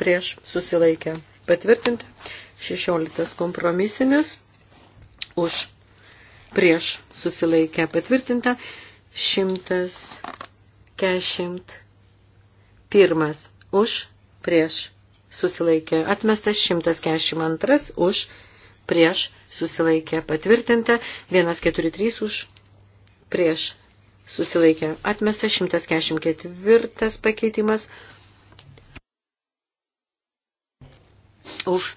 prieš susilaikę patvirtinti, 16 kompromisinis už prieš susilaikę patvirtinta, 141 už prieš susilaikė atmestas, 142 už prieš susilaikė patvirtinta, 143 už prieš susilaikė atmestas, 144 pakeitimas už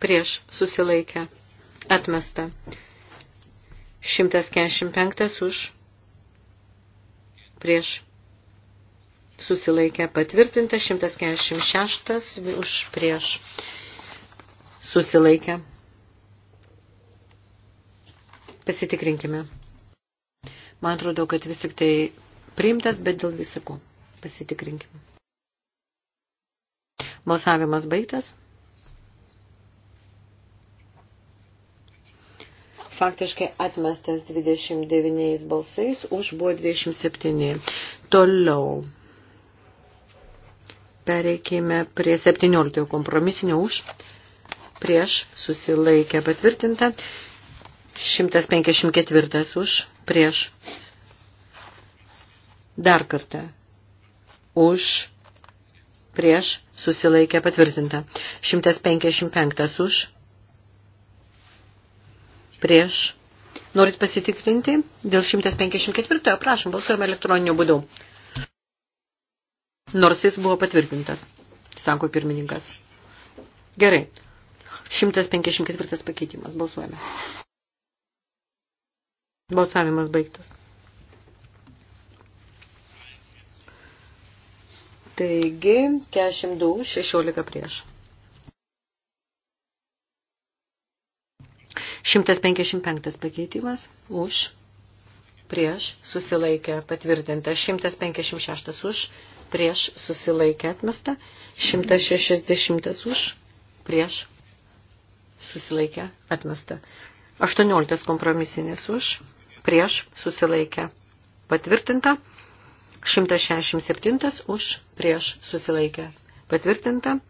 prieš susilaikę atmesta. 145 už prieš susilaikę patvirtinta, 146 už prieš susilaikę. Pasitikrinkime. Man atrodo, kad vis tik tai priimtas, bet dėl visako. Pasitikrinkime. Balsavimas baigtas. faktiškai atmestas 29 balsais, už buvo 27. Toliau. Pereikime prie 17 kompromisinio už, prieš susilaikę patvirtinta, 154 už, prieš. Dar kartą. Už, prieš susilaikę patvirtinta, 155 už, prieš. Norit pasitikrinti? Dėl 154 prašom, balsuojame elektroniniu būdu. Nors jis buvo patvirtintas, sako pirmininkas. Gerai. 154 pakeitimas. Balsuojame. Balsavimas baigtas. Taigi, 42, 16 prieš. 155 pakeitimas už, prieš, susilaikę, patvirtinta. 156 už, prieš, susilaikę, atmesta. 160 už, prieš, susilaikę, atmesta. 18 kompromisinis už, prieš, susilaikę, patvirtinta. 167 už, prieš, susilaikę, patvirtinta.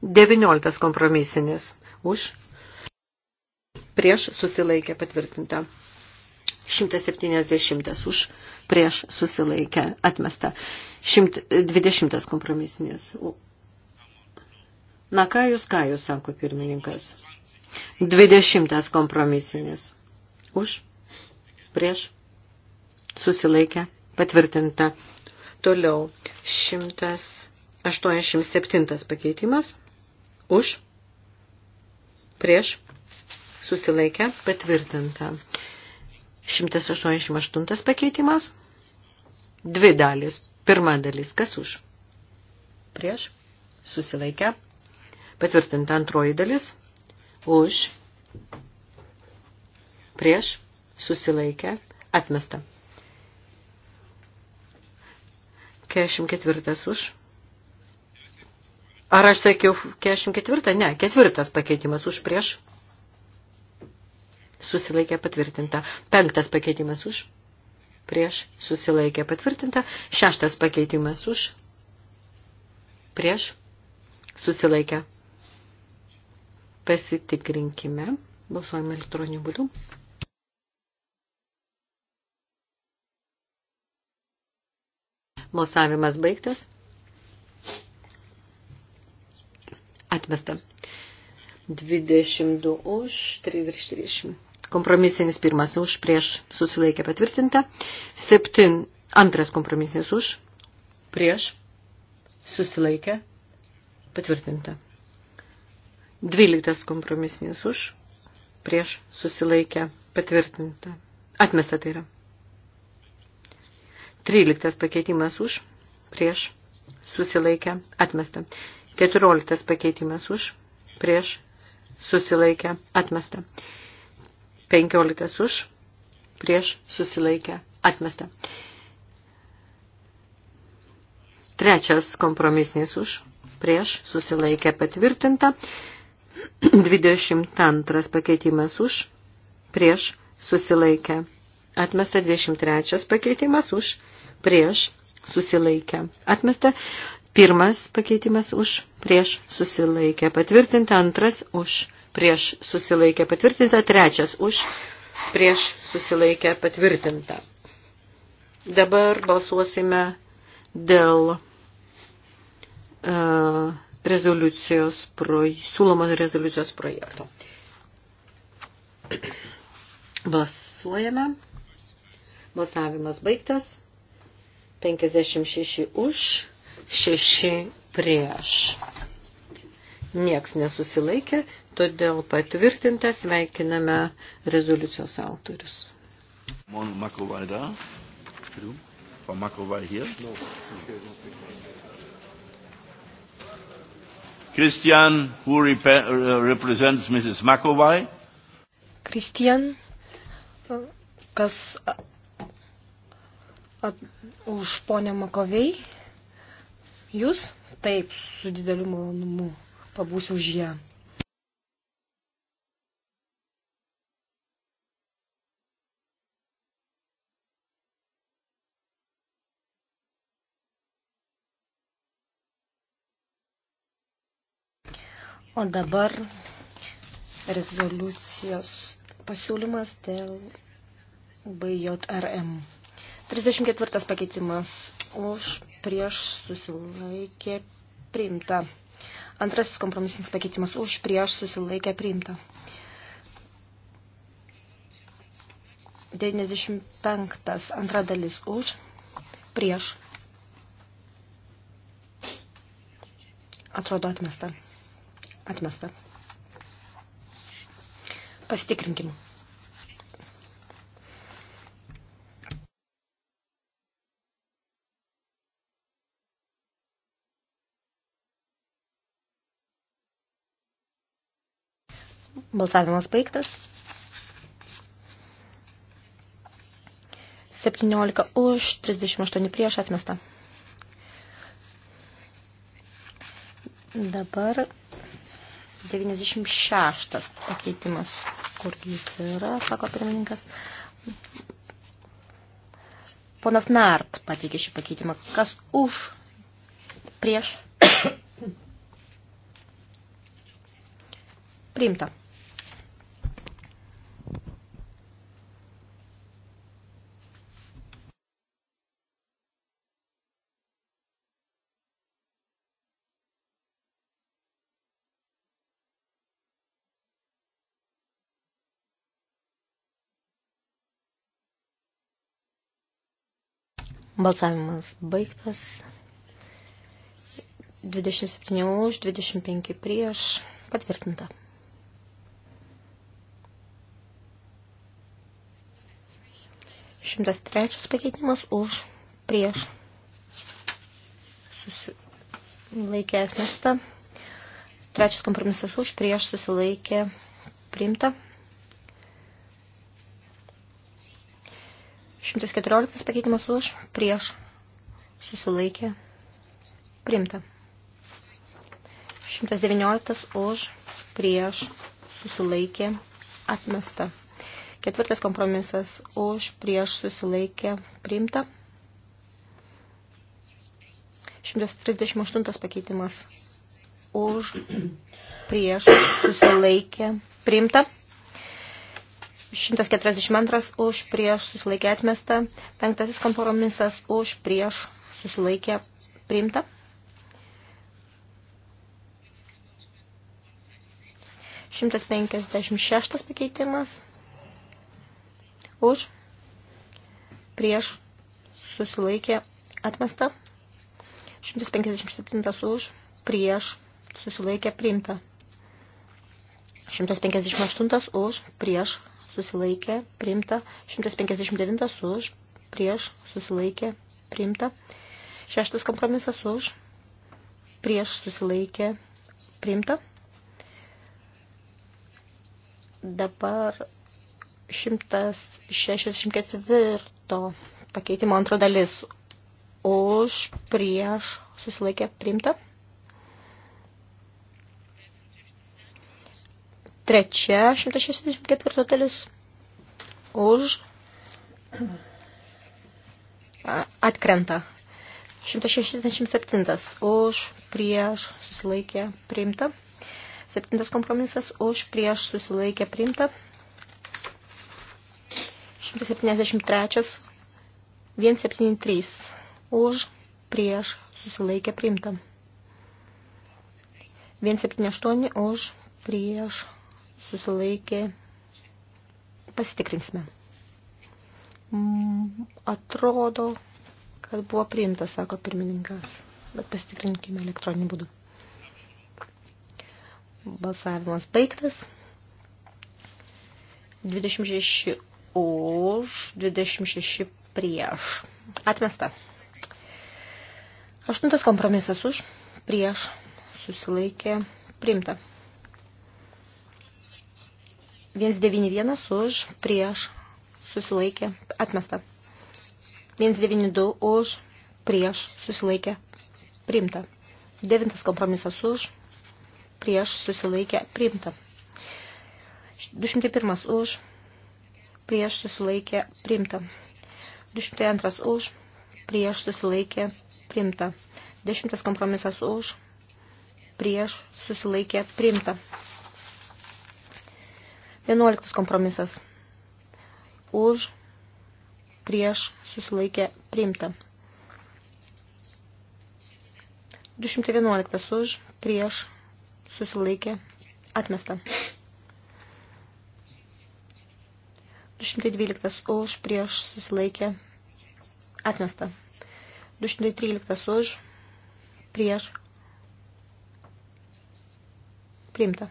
19 kompromisinis už, prieš susilaikę patvirtinta. 170 už prieš susilaikę atmesta. 120 kompromisinės. Na ką jūs, ką jūs, sako pirmininkas. 20 kompromisinės. Už prieš susilaikę patvirtinta. Toliau 187 pakeitimas. Už prieš susilaikė patvirtinta. 188 pakeitimas. Dvi dalis. Pirma dalis. Kas už? Prieš. Susilaikę. Patvirtinta antroji dalis. Už. Prieš. Susilaikę. Atmesta. 44 už. Ar aš sakiau 44? Ne, ketvirtas pakeitimas už prieš susilaikė patvirtinta. Penktas pakeitimas už, prieš, susilaikė patvirtinta. Šeštas pakeitimas už, prieš, susilaikė. Pasitikrinkime, balsuojame elektroniniu būdu. Balsavimas baigtas. Atmesta. 22 už, 3 virš 30. Kompromisinis pirmas už, prieš susilaikė patvirtinta. Septin, antras kompromisinis už, prieš susilaikė patvirtinta. Dvyliktas kompromisinis už, prieš susilaikė patvirtinta. Atmesta tai yra. Tryliktas pakeitimas už, prieš susilaikė atmesta. Keturioliktas pakeitimas už, prieš susilaikė atmesta. 15 už, prieš susilaikę atmestą. Trečias kompromisnis už, prieš susilaikę patvirtinta. 22 pakeitimas už, prieš susilaikę. Atmesta 23 pakeitimas už, prieš susilaikę. Atmesta pirmas pakeitimas už, prieš susilaikę. Patvirtinta antras už prieš susilaikę patvirtinta, trečias už prieš susilaikę patvirtinta. Dabar balsuosime dėl uh, rezoliucijos proj siūlomos rezoliucijos projekto. Balsuojame. Balsavimas baigtas. 56 už, 6 prieš nieks nesusilaikė, todėl patvirtintą sveikiname rezoliucijos autorius. Mon Makovai da? From Makovai here? No. Christian, who rep uh, represents Mrs. Makovai? Christian, kas at, už ponę Makovei? Jūs? Taip, su dideliu malonumu pabūsiu už ją. O dabar rezoliucijos pasiūlymas dėl BJRM. 34 pakeitimas už prieš susilaikė priimta. Antrasis kompromisinis pakeitimas už prieš susilaikę priimta. 95. Antra dalis už prieš. Atrodo atmesta. Atmesta. Pasitikrinkim. Balsavimas baigtas. 17 už, 38 prieš atmesta. Dabar 96 pakeitimas, kur jis yra, sako pirmininkas. Ponas Nart pateikė šį pakeitimą. Kas už, prieš? Priimta. Balsavimas baigtas. 27 už, 25 prieš. Patvirtinta. Šimtas trečias pakeitimas už, prieš. Susilaikė atmesta. Trečias kompromisas už, prieš susilaikė priimta. 114 pakeitimas už, prieš, susilaikė, priimta. 119 už, prieš, susilaikė, atmesta. Ketvirtas kompromisas už, prieš, susilaikė, priimta. 138 pakeitimas už, prieš, susilaikė, priimta. 142 už prieš susilaikė atmesta, penktasis kompromisas už prieš susilaikė priimta. Šimtas penkiasdešimt šeštas pakeitimas už prieš susilaikė atmesta. 157 už prieš susilaikė priimta. 158 už prieš susilaikė, priimta. 159 už, prieš, susilaikė, priimta. Šeštas kompromisas už, prieš, susilaikė, priimta. Dabar 164 pakeitimo antro dalis už, prieš, susilaikė, priimta. Trečia 164 dalis už atkrenta. 167 už prieš susilaikė priimta. Septintas kompromisas už prieš susilaikė priimta. 173 173 už prieš susilaikė priimta. 178 už prieš susilaikė, pasitikrinsime. Mm, atrodo, kad buvo priimtas, sako pirmininkas, bet pasitikrinkime elektroninį būdų. Balsavimas baigtas. 26 už, 26 prieš. Atmesta. Aštuntas kompromisas už, prieš, susilaikė, priimta. 191 už, prieš, susilaikė, atmesta. 192 už, prieš, susilaikė, priimta. Devintas kompromisas už, prieš, susilaikė, priimta. 201 už, prieš, susilaikė, priimta. 202 už, prieš, susilaikė, priimta. Dešimtas kompromisas už, prieš, susilaikė, priimta. 11 kompromisas. Už, prieš, susilaikė, priimta. 211 už, prieš, susilaikė, atmesta. 212 už, prieš, susilaikė, atmesta. 213 už, prieš, priimta.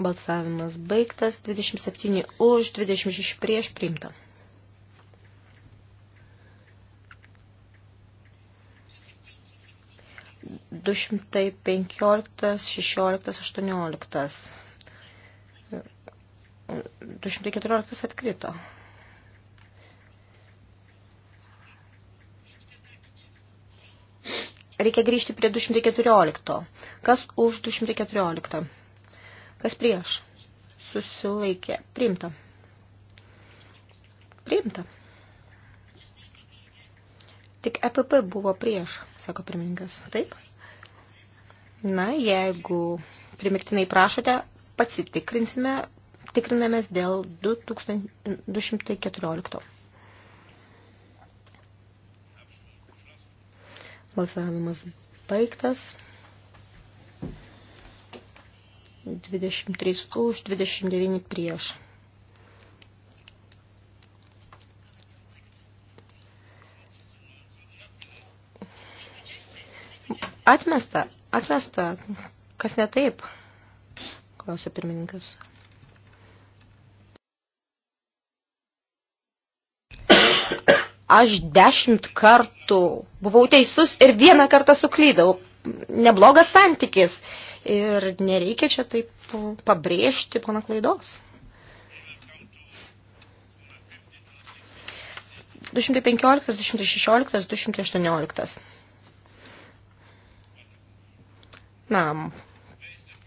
Balsavimas baigtas. 27 už, 26 prieš priimta. Du šimtai penkioliktas, šešioliktas, aštuonioliktas. Du šimtai keturioliktas atkrito. Reikia grįžti prie 214. Kas už 214? Kas prieš? Susilaikė. Priimta. Priimta. Tik EPP buvo prieš, sako pirmininkas. Taip? Na, jeigu primiktinai prašote, pasitikrinsime, tikrinamės dėl 2214. Balsavimas baigtas. 23 už, 29 prieš. Atmesta, atmesta, kas ne taip, klausė pirmininkas. Aš dešimt kartų buvau teisus ir vieną kartą suklydau. Neblogas santykis. Uh, ir nereikia čia taip pabrėžti pana klaidos. 215, 216, 218. Na,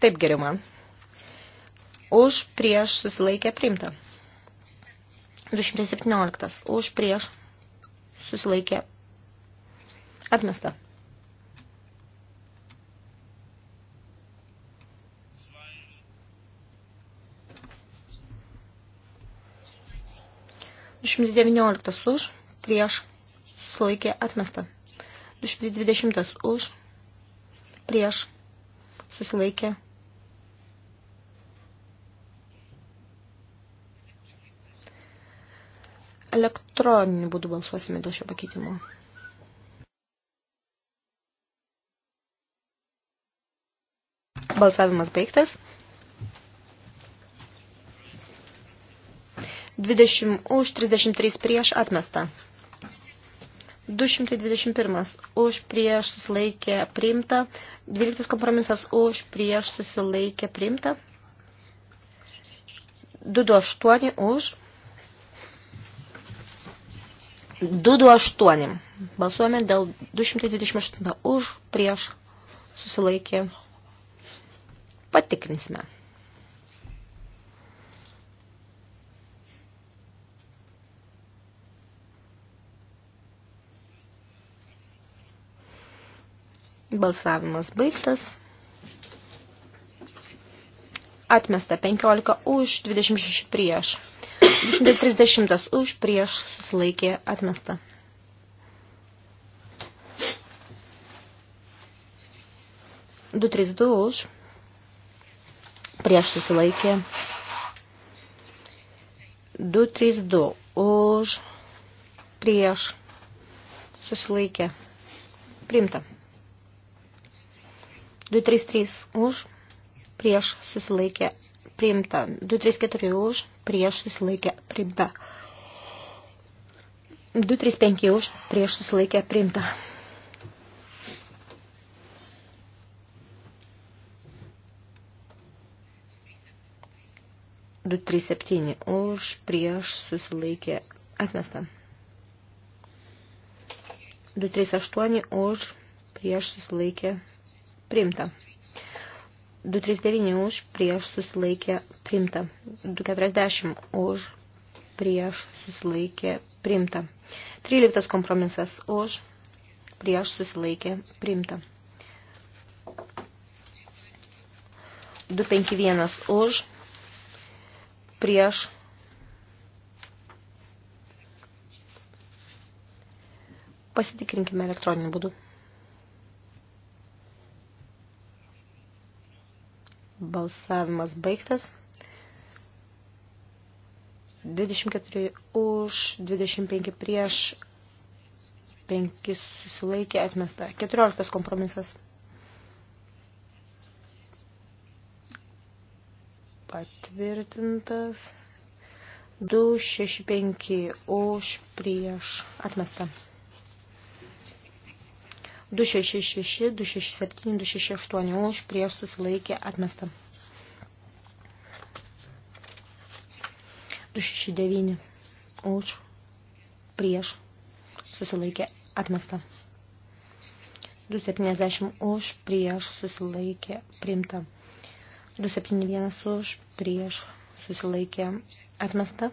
taip geriau man. Už prieš susilaikę priimta. 217. Už prieš susilaikė atmesta. 219 už, prieš, sulaikė atmesta. 220 už, prieš, susilaikė. Elektroniniu būdu balsuosime dėl šio pakeitimo. Balsavimas baigtas. 20 už, 33 prieš atmesta. 221 už prieš susilaikė priimta, 12 kompromisas už prieš susilaikė priimta, 228 už, 228 balsuojame dėl 228 už prieš susilaikė patikrinsime. Balsavimas baigtas. Atmesta 15 už, 26 prieš. 230 už, prieš, susilaikė, atmesta. Du, trys, du už, prieš susilaikė, du, trys, du už, prieš susilaikė, primta. 233 už, prieš susilaikė priimta. 234 už, prieš susilaikė priimta. 235 už, prieš susilaikė priimta. Du, trys, septyni. Už, prieš, susilaikė, atmesta. Du, trys, aštuoni. Už, prieš, susilaikė, atmesta primta. 239 už, prieš susilaikė primta. 240 už, prieš susilaikė primta. 13 kompromisas už, prieš susilaikė primta. 251 už, prieš pasitikrinkime elektroniniu būdu. Balsavimas baigtas. 24 už, 25 prieš, 5 susilaikė atmesta. 14 kompromisas. Patvirtintas. 2, 6, 5 už, prieš, atmesta. 266, 267, 268 už, prieš susilaikė atmesta. 269 už prieš susilaikė atmesta. 270 už prieš susilaikė priimta. 271 už prieš susilaikė atmesta.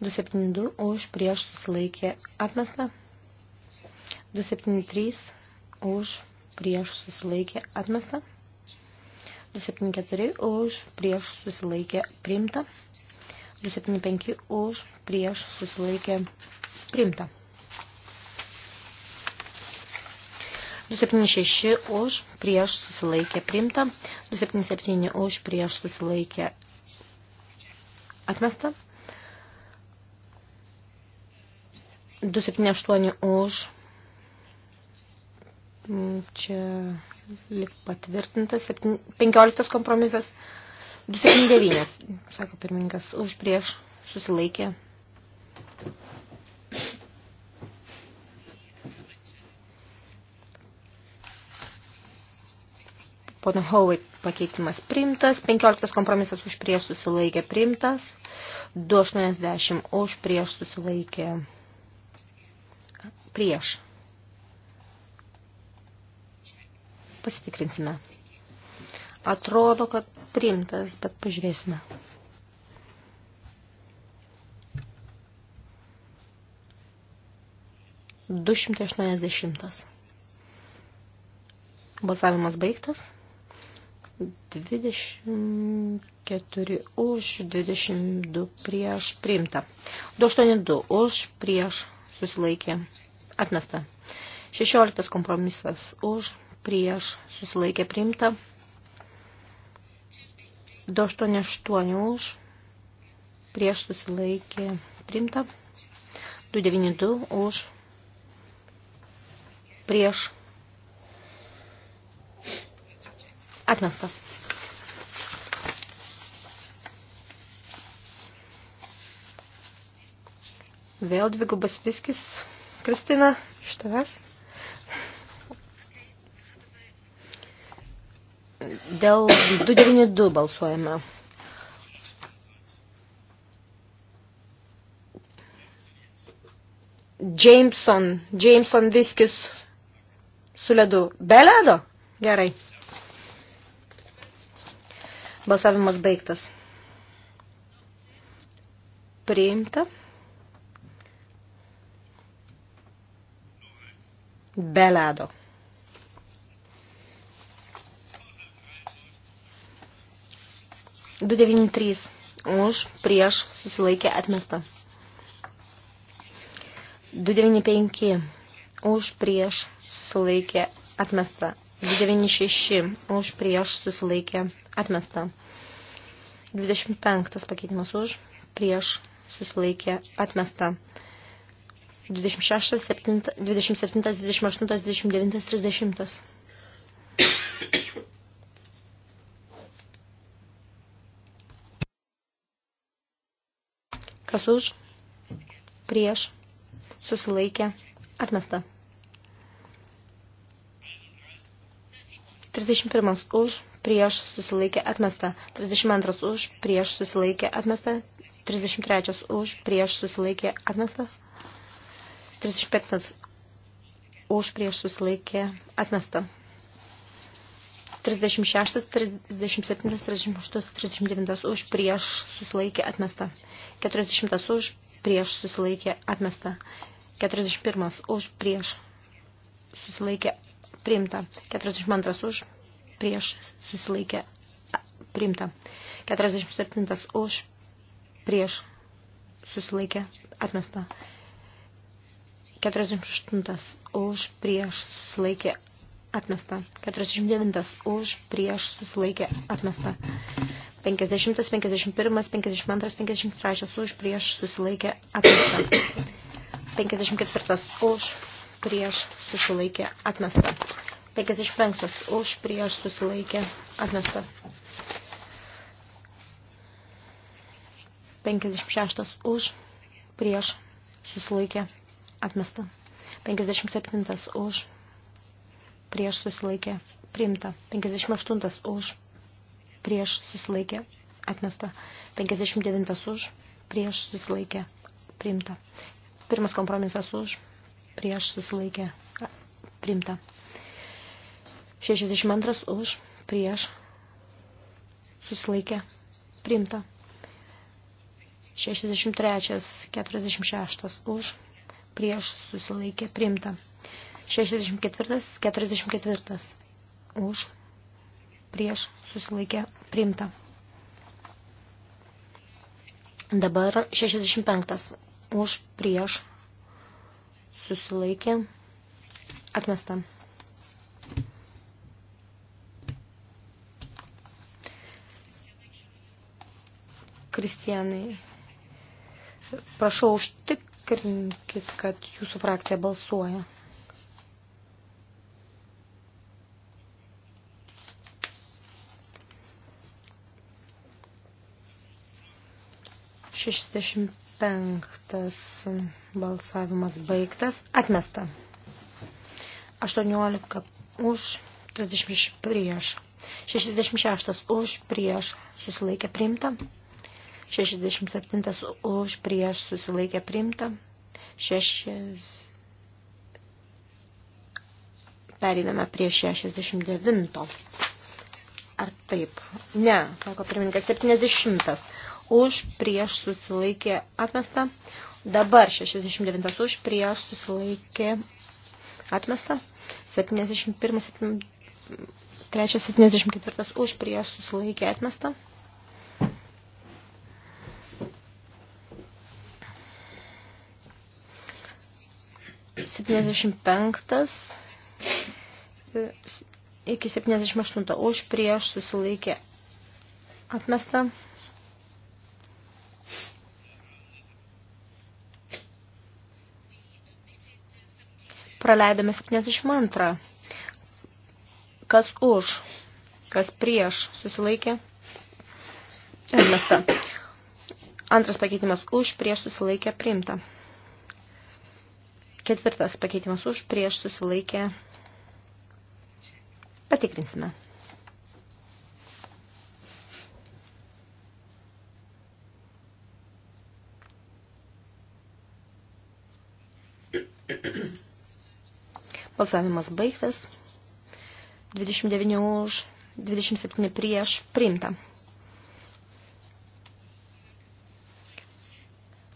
272 už prieš susilaikė atmesta. 273 už prieš susilaikė atmesta. 274 už prieš susilaikė priimta. 275 už prieš susilaikė priimta. 276 už prieš susilaikė priimta. 277 už prieš susilaikė atmesta. 278 už. Mm, čia lik patvirtintas, 15 kompromisas, 279, sako pirmininkas, už prieš susilaikė. Pono Howey pakeitimas priimtas, 15 kompromisas už prieš susilaikė priimtas, 280 už prieš susilaikė prieš Pasitikrinsime. Atrodo, kad priimtas, bet pažiūrėsime. Du šimtai aštuoniasdešimtas. Balsavimas baigtas. 24 už, 22 prieš priimta. 282 už, prieš susilaikė atmesta. 16 kompromisas už, prieš susilaikė priimta. 288 už prieš susilaikė priimta. 292 už prieš atmestas. Vėl dvigubas viskis, Kristina, iš tavęs. Dėl 292 balsuojame. Jameson, Jameson viskis su ledu. Be ledo? Gerai. Balsavimas baigtas. Priimta. Be ledo. 293 už, prieš, susilaikė atmesta. 295 už, prieš, susilaikė atmesta. 296 už, prieš, susilaikė atmesta. 25 pakeitimas už, prieš, susilaikė atmesta. 26, 7, 27, 28, 29, 30. Kas už? Prieš. Susilaikė. Atmesta. 31 už, prieš susilaikė atmesta. 32 už, prieš susilaikė atmesta. 33 už, prieš susilaikė atmesta. 35 už, prieš susilaikė atmesta. 36, 37, 38, 39 už prieš susilaikė atmesta. 40 už prieš susilaikė atmesta. 41 už prieš susilaikė priimta. 42 už prieš susilaikė priimta. 47 už prieš susilaikė atmesta. 48 už prieš susilaikė atmesta. 49 už, prieš, susilaikė, atmesta. 50, 51, 52, 53 už, prieš, susilaikė, atmesta. 54 už, prieš, susilaikė, atmesta. 55 už, prieš, susilaikė, atmesta. 56 už, prieš, susilaikė, atmesta. 57 už, prieš susilaikė priimta. 58 už prieš susilaikė atmesta. 59 už prieš susilaikė priimta. Pirmas kompromisas už prieš susilaikė priimta. 62 už prieš susilaikė priimta. 63, 46 už prieš susilaikė priimta. 64, 44 už, prieš susilaikė priimta. Dabar 65 už, prieš susilaikė atmesta. Kristijanai, prašau užtikrinkit, kad jūsų frakcija balsuoja. 65 balsavimas baigtas. Atmesta. 18 už, 36 prieš. 66 už, prieš, susilaikė priimta. 67 už, prieš, susilaikė priimta. 6... Pereiname prie 69. Ar taip? Ne, sako pirmininkas, 70 už prieš susilaikė atmesta. Dabar 69 už prieš susilaikė atmesta. 71, 73, 74 už prieš susilaikė atmesta. Septyniasdešimt penktas iki 78 už prieš susilaikė atmesta. praleidome 72. Kas už, kas prieš susilaikė, atmesta. Antras pakeitimas už, prieš susilaikė, priimta. Ketvirtas pakeitimas už, prieš susilaikė, patikrinsime. Balsavimas baigtas. 29 už, 27 prieš, priimta.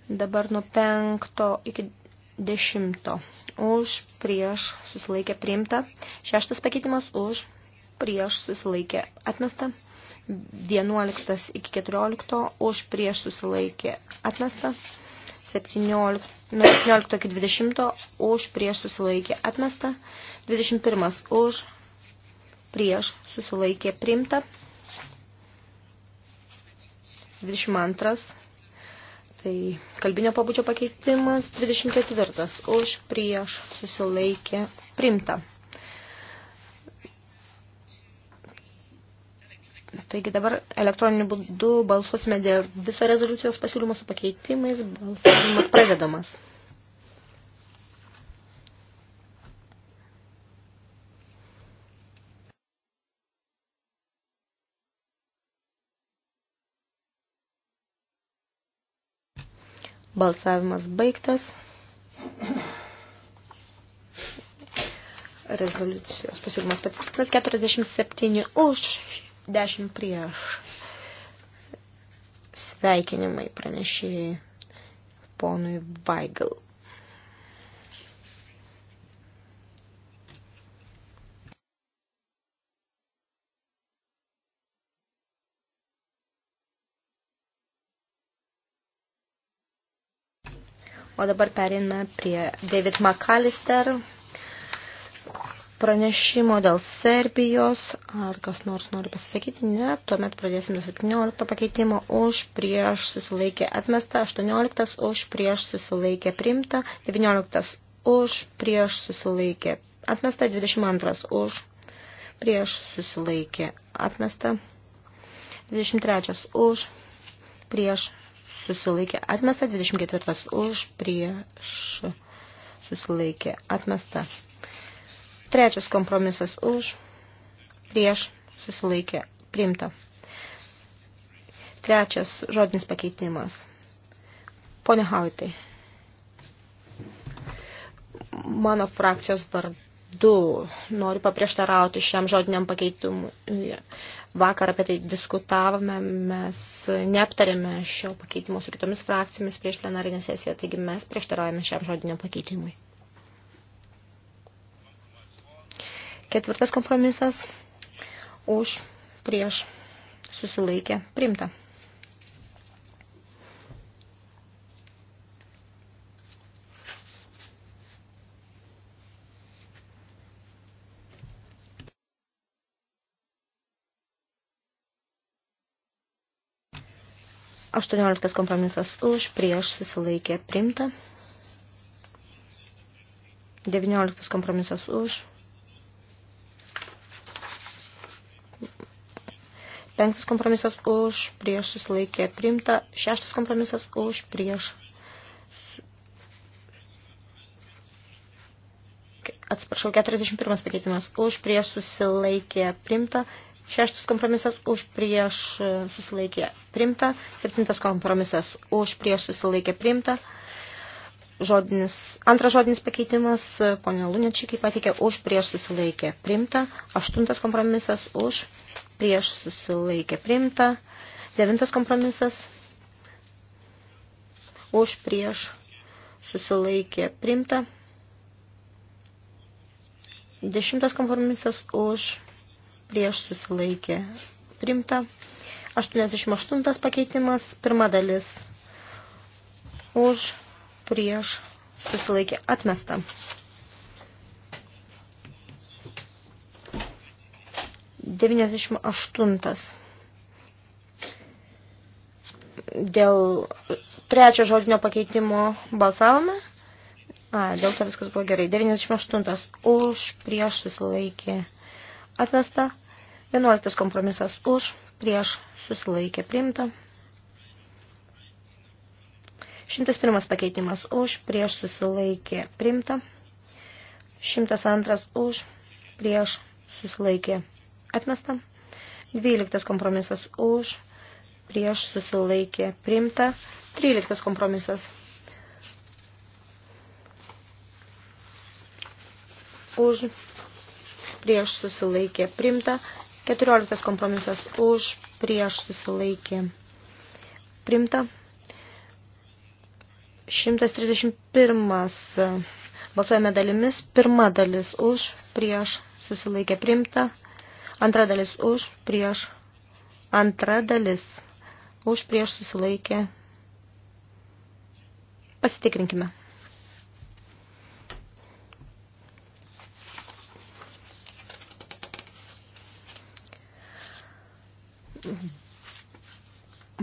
Dabar nuo 5 iki 10. Už, prieš, susilaikė, priimta. Šeštas pakeitimas už, prieš, susilaikė, atmesta. 11 iki 14, už, prieš, susilaikė, atmesta. 17, 19 iki 20 už prieš susilaikė atmesta, 21 už prieš susilaikė primta, 22 tai kalbinio pabudžio pakeitimas, 24 už prieš susilaikė primta. Taigi dabar elektroniniu būdu balsuosime dėl viso rezoliucijos pasiūlymo su pakeitimais. Balsavimas pradedamas. Balsavimas baigtas. Rezoliucijos pasiūlymas patvirtintas 47 už 10 prieš. Sveikinimai pranešė ponui Vaigal. O dabar periname prie David McAllister pranešimo dėl Serbijos. Ar kas nors nori pasisakyti? Ne. Tuomet pradėsim nuo 17 pakeitimo. Už prieš susilaikė atmesta. 18 už prieš susilaikė primta. 19 už prieš susilaikė atmesta. 22 už prieš susilaikė atmesta. 23 už prieš susilaikė atmesta. 24 už prieš susilaikė atmesta. Trečias kompromisas už, prieš, susilaikė, priimta. Trečias žodinis pakeitimas. Pone Hautai, mano frakcijos vardu noriu paprieštarauti šiam žodiniam pakeitimui. Vakar apie tai diskutavome, mes neaptarėme šio pakeitimo su kitomis frakcijomis prieš plenarinę sesiją, taigi mes prieštaraujame šiam žodiniam pakeitimui. Ketvirtas kompromisas už prieš susilaikė primta. Aštuonioliktas kompromisas už prieš susilaikė primta. Devynioliktas kompromisas už Penktas kompromisas už, prieš susilaikė priimta. Šeštas kompromisas už, prieš. Atsiprašau, 41 pakeitimas už, prieš susilaikė priimta. Šeštas kompromisas už prieš susilaikė primta. Septintas kompromisas už prieš susilaikė primta. Žodinis, antras žodinis pakeitimas, ponė Lunečiai patikė, už prieš susilaikė primta. Aštuntas kompromisas už prieš susilaikė priimta. Devintas kompromisas už prieš susilaikė priimta. Dešimtas kompromisas už prieš susilaikė priimta. 88 pakeitimas, pirma dalis už prieš susilaikė atmesta. 98. Dėl trečio žodinio pakeitimo balsavome. A, dėl to viskas buvo gerai. 98. Už, prieš susilaikė atmesta. 11. Kompromisas už, prieš susilaikė priimta. 101. Pakeitimas už, prieš susilaikė priimta. 102. Už, prieš susilaikė atmesta. 12 kompromisas už, prieš susilaikė priimta. 13 kompromisas už, prieš susilaikė priimta. 14 kompromisas už, prieš susilaikė priimta. 131 balsuojame dalimis. Pirma dalis už, prieš susilaikė priimta. Antra dalis už, prieš. Antra dalis už, prieš susilaikė. Pasitikrinkime.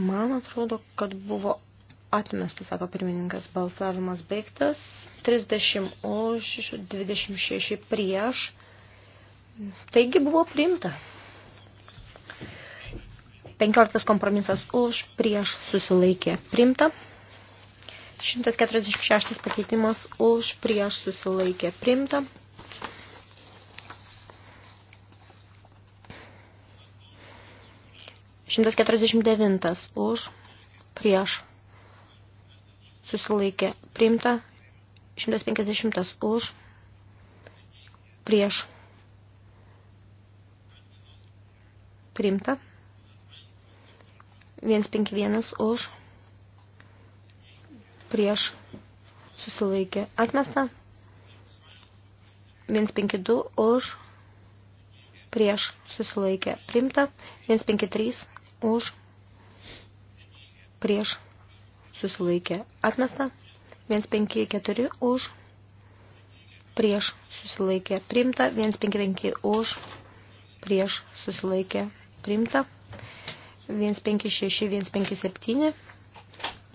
Man atrodo, kad buvo atmestas, sako pirmininkas, balsavimas baigtas. 30 už, 26 prieš. Taigi buvo priimta. 15 kompromisas už prieš susilaikė priimta. 146 pakeitimas už prieš susilaikė priimta. 149 už prieš susilaikė priimta. 150 už prieš Priimta. 151 už. Prieš. Susilaikė. Atmesta. 152 už. Prieš. Susilaikė. Priimta. 153 už. Prieš. Susilaikė. Atmesta. 154 už. Prieš. Susilaikė. Priimta. 155 už. Prieš. Susilaikė priimta. 156, 157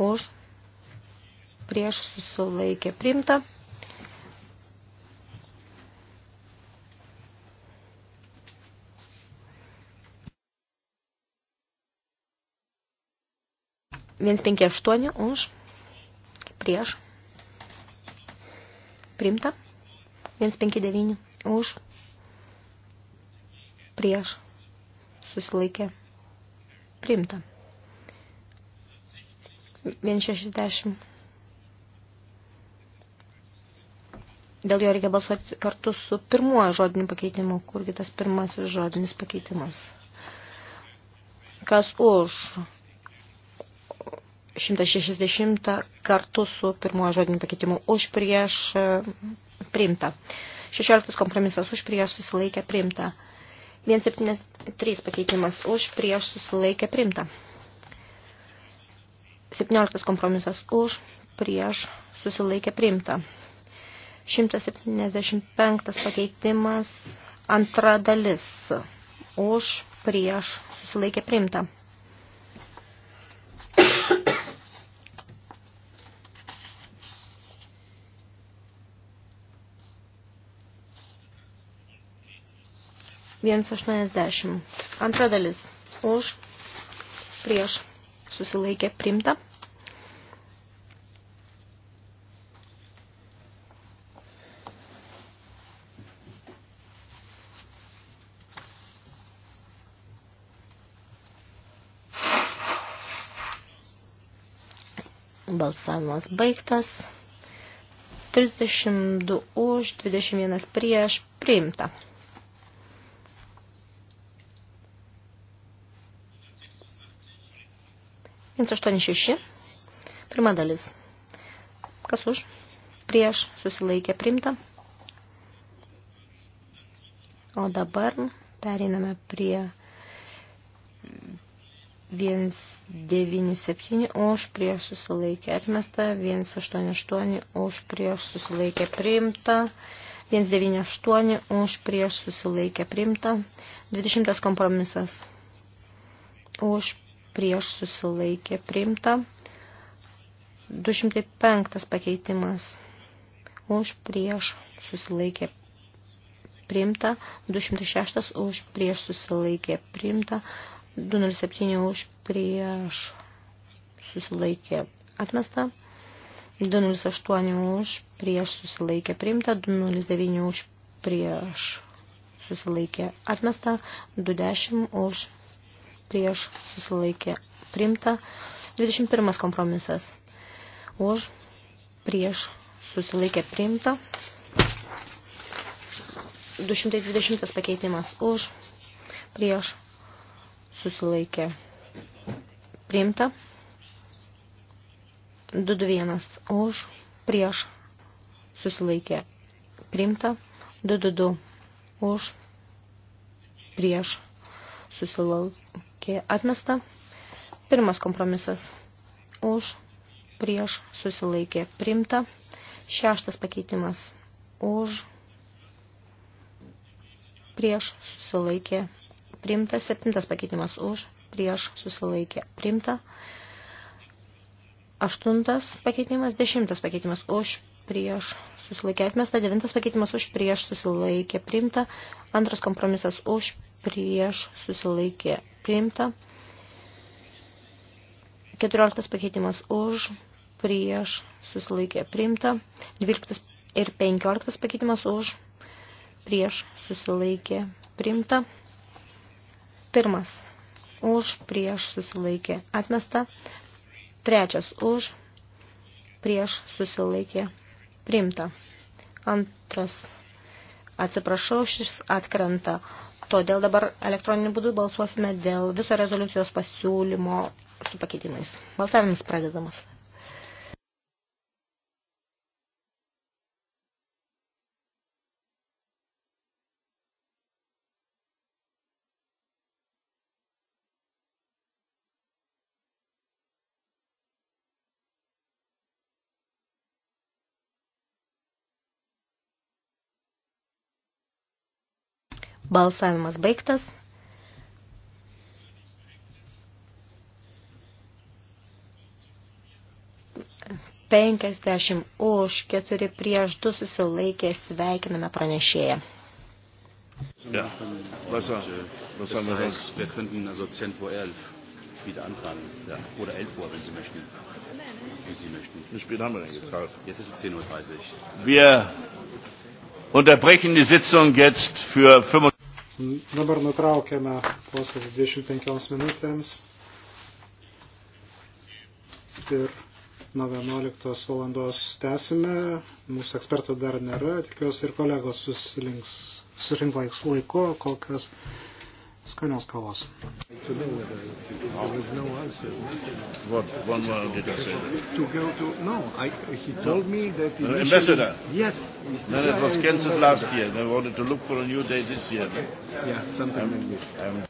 už prieš susilaikė priimta. Viens penki aštuoni už prieš primta. Viens penki devyni už prieš susilaikė priimta. 160. Dėl jo reikia balsuoti kartu su pirmuoju žodiniu pakeitimu, kurgi tas pirmasis žodinis pakeitimas. Kas už 160 kartu su pirmuoju žodiniu pakeitimu už prieš priimta. 16 kompromisas už prieš susilaikę priimta. 173 pakeitimas už prieš susilaikę primta. 17 kompromisas už prieš susilaikę primta. 175 pakeitimas antra dalis už prieš susilaikę primta. 180. Antra dalis. Už, prieš, susilaikė, primta. Balsavimas baigtas. 32 už, 21 prieš, priimta. 186. Pirma dalis. Kas už? Prieš susilaikė primta. O dabar pereiname prie 197 už prieš susilaikė atmesta, 188 už prieš susilaikė priimta, 198 už prieš susilaikė priimta, 20 kompromisas už prieš susilaikė priimta. 205 pakeitimas už prieš susilaikė priimta. 206 už prieš susilaikė priimta. 207 už prieš susilaikė atmesta. 208 už prieš susilaikė priimta. 209 už prieš susilaikė atmesta. 210 už prieš susilaikė primta. 21 kompromisas už prieš susilaikė primta. 220 pakeitimas už prieš susilaikė priimta. 221 už prieš susilaikė priimta. 222 už prieš susilaikė susilaikė atmesta. Pirmas kompromisas už, prieš susilaikė primta. Šeštas pakeitimas už, prieš susilaikė primta. Septintas pakeitimas už, prieš susilaikė primta. Aštuntas pakeitimas, dešimtas pakeitimas už, prieš susilaikė atmesta, devintas pakeitimas už prieš susilaikė priimta, antras kompromisas už prieš susilaikė priimta, keturioliktas pakeitimas už prieš susilaikė priimta, dvyliktas ir penkioliktas pakeitimas už prieš susilaikė priimta, pirmas už prieš susilaikė atmesta, trečias už prieš susilaikė priimta Priimta. Antras. Atsiprašau, šis atkrenta. Todėl dabar elektroniniu būdu balsuosime dėl viso rezoliucijos pasiūlymo su pakeitimais. Balsavimas pradedamas. Balsavimas baigtas. Penkiasdešimt už, keturi prieš du susilaikė, sveikiname pranešėją. Ja, was war, was war das heißt, wir könnten also 10 vor 11 wieder anfangen. Ja. Oder 11 Uhr, wenn Sie möchten. Wie Sie möchten. Wie spät haben wir denn jetzt halt? Jetzt ist es 10.30 Uhr. Wir unterbrechen die Sitzung jetzt für 5 Dabar nutraukiame posėdį 25 minutėms ir nuo 11 valandos tęsime. Mūsų ekspertų dar nėra, tikiuosi ir kolegos susirinks, susirinks laiku, kol kas skanios kavos. What one word did I say? To go to no, I, he told no. me that the uh, ambassador. Yes. Mr. Then it was cancelled last year. They wanted to look for a new day this year. Okay. Yeah, something I'm, like this. I'm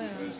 ja.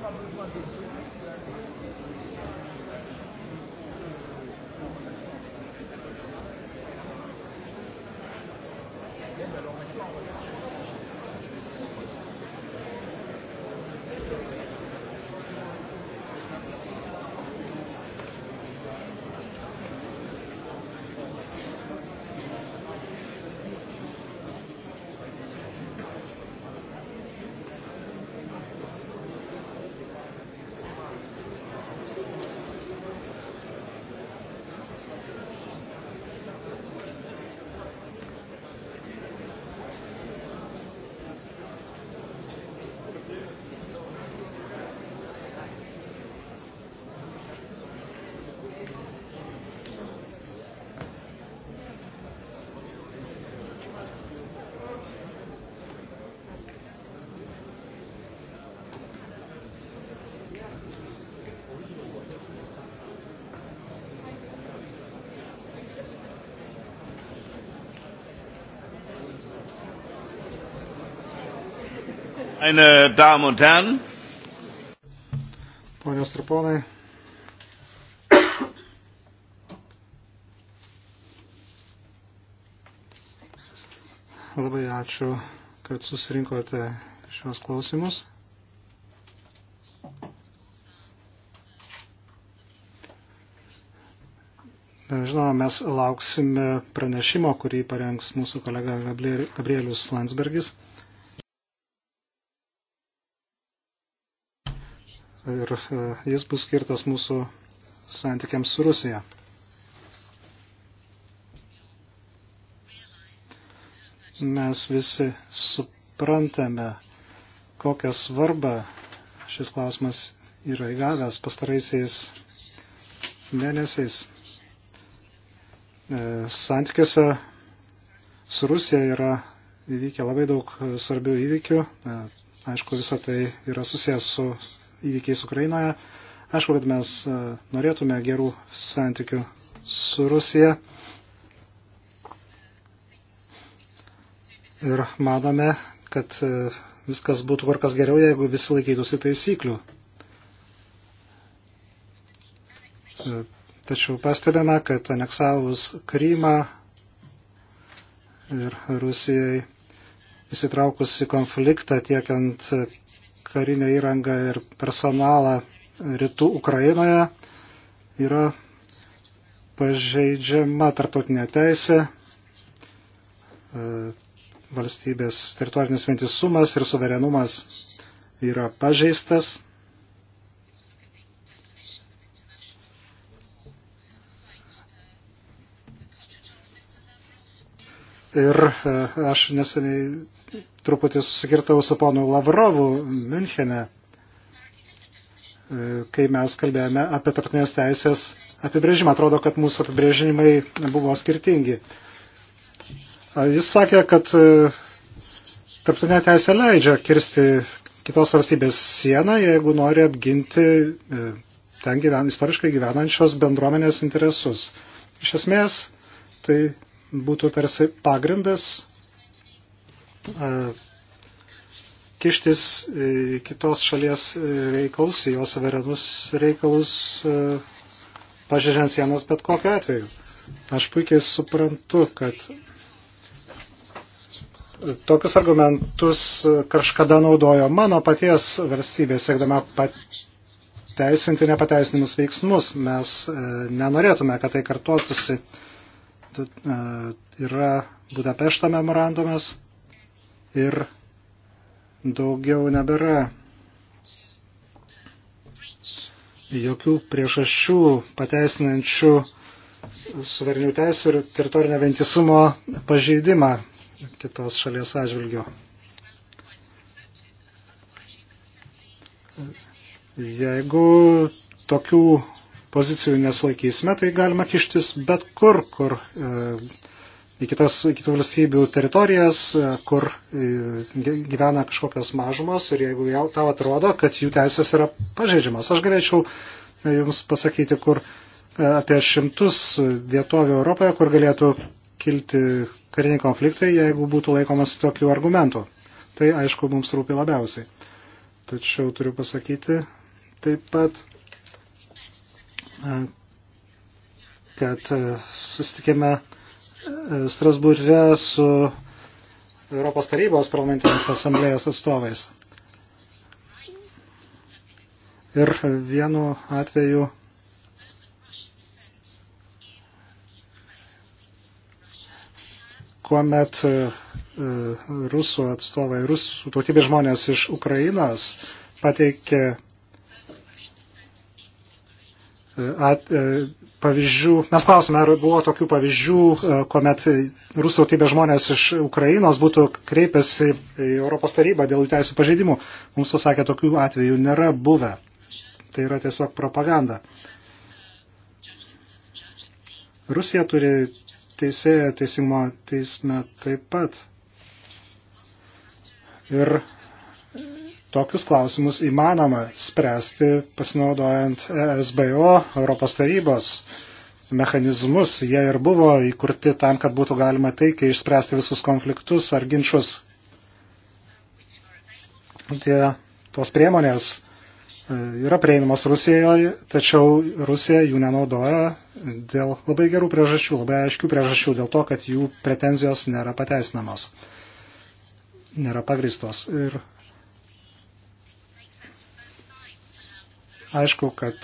n'a pas besoin d'études. Meine Damen und Herren. Ponios ir ponai. Labai ačiū, kad susirinkote šios klausimus. Žinoma, mes lauksime pranešimo, kurį parengs mūsų kolega Gabrielius Landsbergis. ir e, jis bus skirtas mūsų santykiams su Rusija. Mes visi suprantame, kokią svarbą šis klausimas yra įgavęs pastaraisiais mėnesiais. E, santykiuose su Rusija yra įvykę labai daug svarbių įvykių. E, aišku, visa tai yra susijęs su įvykiais Ukrainoje. Aišku, kad mes e, norėtume gerų santykių su Rusija. Ir manome, kad e, viskas būtų kur kas geriau, jeigu visi laikytųsi taisyklių. E, tačiau pastebėme, kad aneksavus Krymą ir Rusijai įsitraukus į konfliktą tiekiant karinę įrangą ir personalą rytų Ukrainoje yra pažeidžiama tarptautinė teisė, e, valstybės teritorinis vientisumas ir suverenumas yra pažeistas. Ir e, aš neseniai truputį susikirtau su ponu Lavrovu Münchene, e, kai mes kalbėjome apie tarptinės teisės apibrėžimą. Atrodo, kad mūsų apibrėžimai buvo skirtingi. Jis sakė, kad e, tarptinė teisė leidžia kirsti kitos valstybės sieną, jeigu nori apginti ten gyven, istoriškai gyvenančios bendruomenės interesus. Iš esmės, tai būtų tarsi pagrindas e, kištis į kitos šalies reikalus, į jos suverenus reikalus, e, pažiūrint sienas bet kokiu atveju. Aš puikiai suprantu, kad tokius argumentus kažkada naudojo mano paties valstybė, siekdama pateisinti nepateisinimus veiksmus. Mes e, nenorėtume, kad tai kartuotusi E, yra Budapešto memorandumas ir daugiau nebėra jokių priežasčių pateisinančių suverenių teisų ir teritorinio ventisumo pažeidimą kitos šalies atžvilgiu. Jeigu tokių pozicijų nesilaikysime, tai galima kištis bet kur, kur e, į kitas į kitų valstybių teritorijas, e, kur e, gyvena kažkokios mažumos ir jeigu jau tau atrodo, kad jų teisės yra pažeidžiamas. Aš galėčiau jums pasakyti, kur apie šimtus vietovių Europoje, kur galėtų kilti kariniai konfliktai, jeigu būtų laikomas tokių argumentų. Tai aišku, mums rūpi labiausiai. Tačiau turiu pasakyti taip pat, kad e, susitikėme e, Strasbūre su Europos tarybos parlamentinės asamblėjos atstovais. Ir vienu atveju kuomet e, rusų atstovai, rusų tautybės žmonės iš Ukrainos pateikė at, e, pavyzdžių, mes klausime, ar buvo tokių pavyzdžių, e, kuomet rusų tautybės žmonės iš Ukrainos būtų kreipęsi į Europos tarybą dėl jų teisų pažeidimų. Mums pasakė, tokių atvejų nėra buvę. Tai yra tiesiog propaganda. Rusija turi teisėją teisingumo teisme taip pat. Ir tokius klausimus įmanoma spręsti pasinaudojant ESBO, Europos tarybos mechanizmus. Jie ir buvo įkurti tam, kad būtų galima taikiai išspręsti visus konfliktus ar ginčius. Tie, tos priemonės e, yra prieinamos Rusijoje, tačiau Rusija jų nenaudoja dėl labai gerų priežasčių, labai aiškių priežasčių, dėl to, kad jų pretenzijos nėra pateisinamos, nėra pagristos. Ir Aišku, kad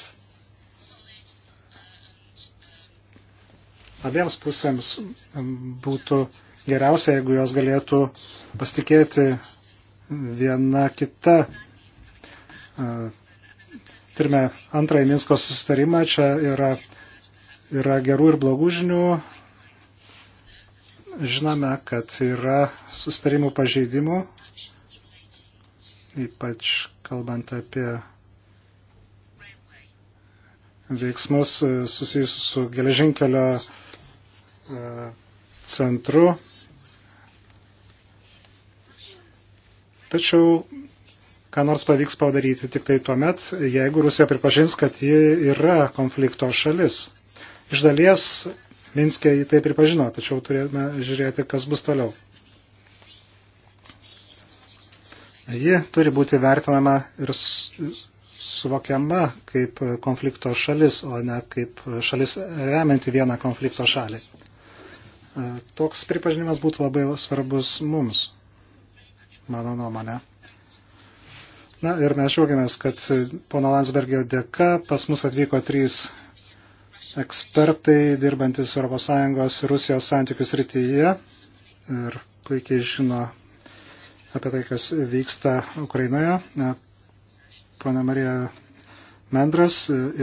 abiems pusėms būtų geriausia, jeigu jos galėtų pasitikėti viena kita. Turime antrąjį Minsko susitarimą, čia yra, yra gerų ir blogų žinių. Žinome, kad yra susitarimų pažeidimų, ypač kalbant apie veiksmus e, susijusius su geležinkelio e, centru. Tačiau, ką nors pavyks padaryti tik tai tuo met, jeigu Rusija pripažins, kad ji yra konflikto šalis. Iš dalies Minskė jį tai pripažino, tačiau turėtume žiūrėti, kas bus toliau. Ji turi būti vertinama ir suvokiama kaip konflikto šalis, o ne kaip šalis remianti vieną konflikto šalį. E, toks pripažinimas būtų labai svarbus mums, mano nuomonė. Na ir mes žiūrėmės, kad pono Landsbergio dėka pas mus atvyko trys ekspertai dirbantis ES ir Rusijos santykius rytyje ir puikiai žino apie tai, kas vyksta Ukrainoje pana Marija Mendras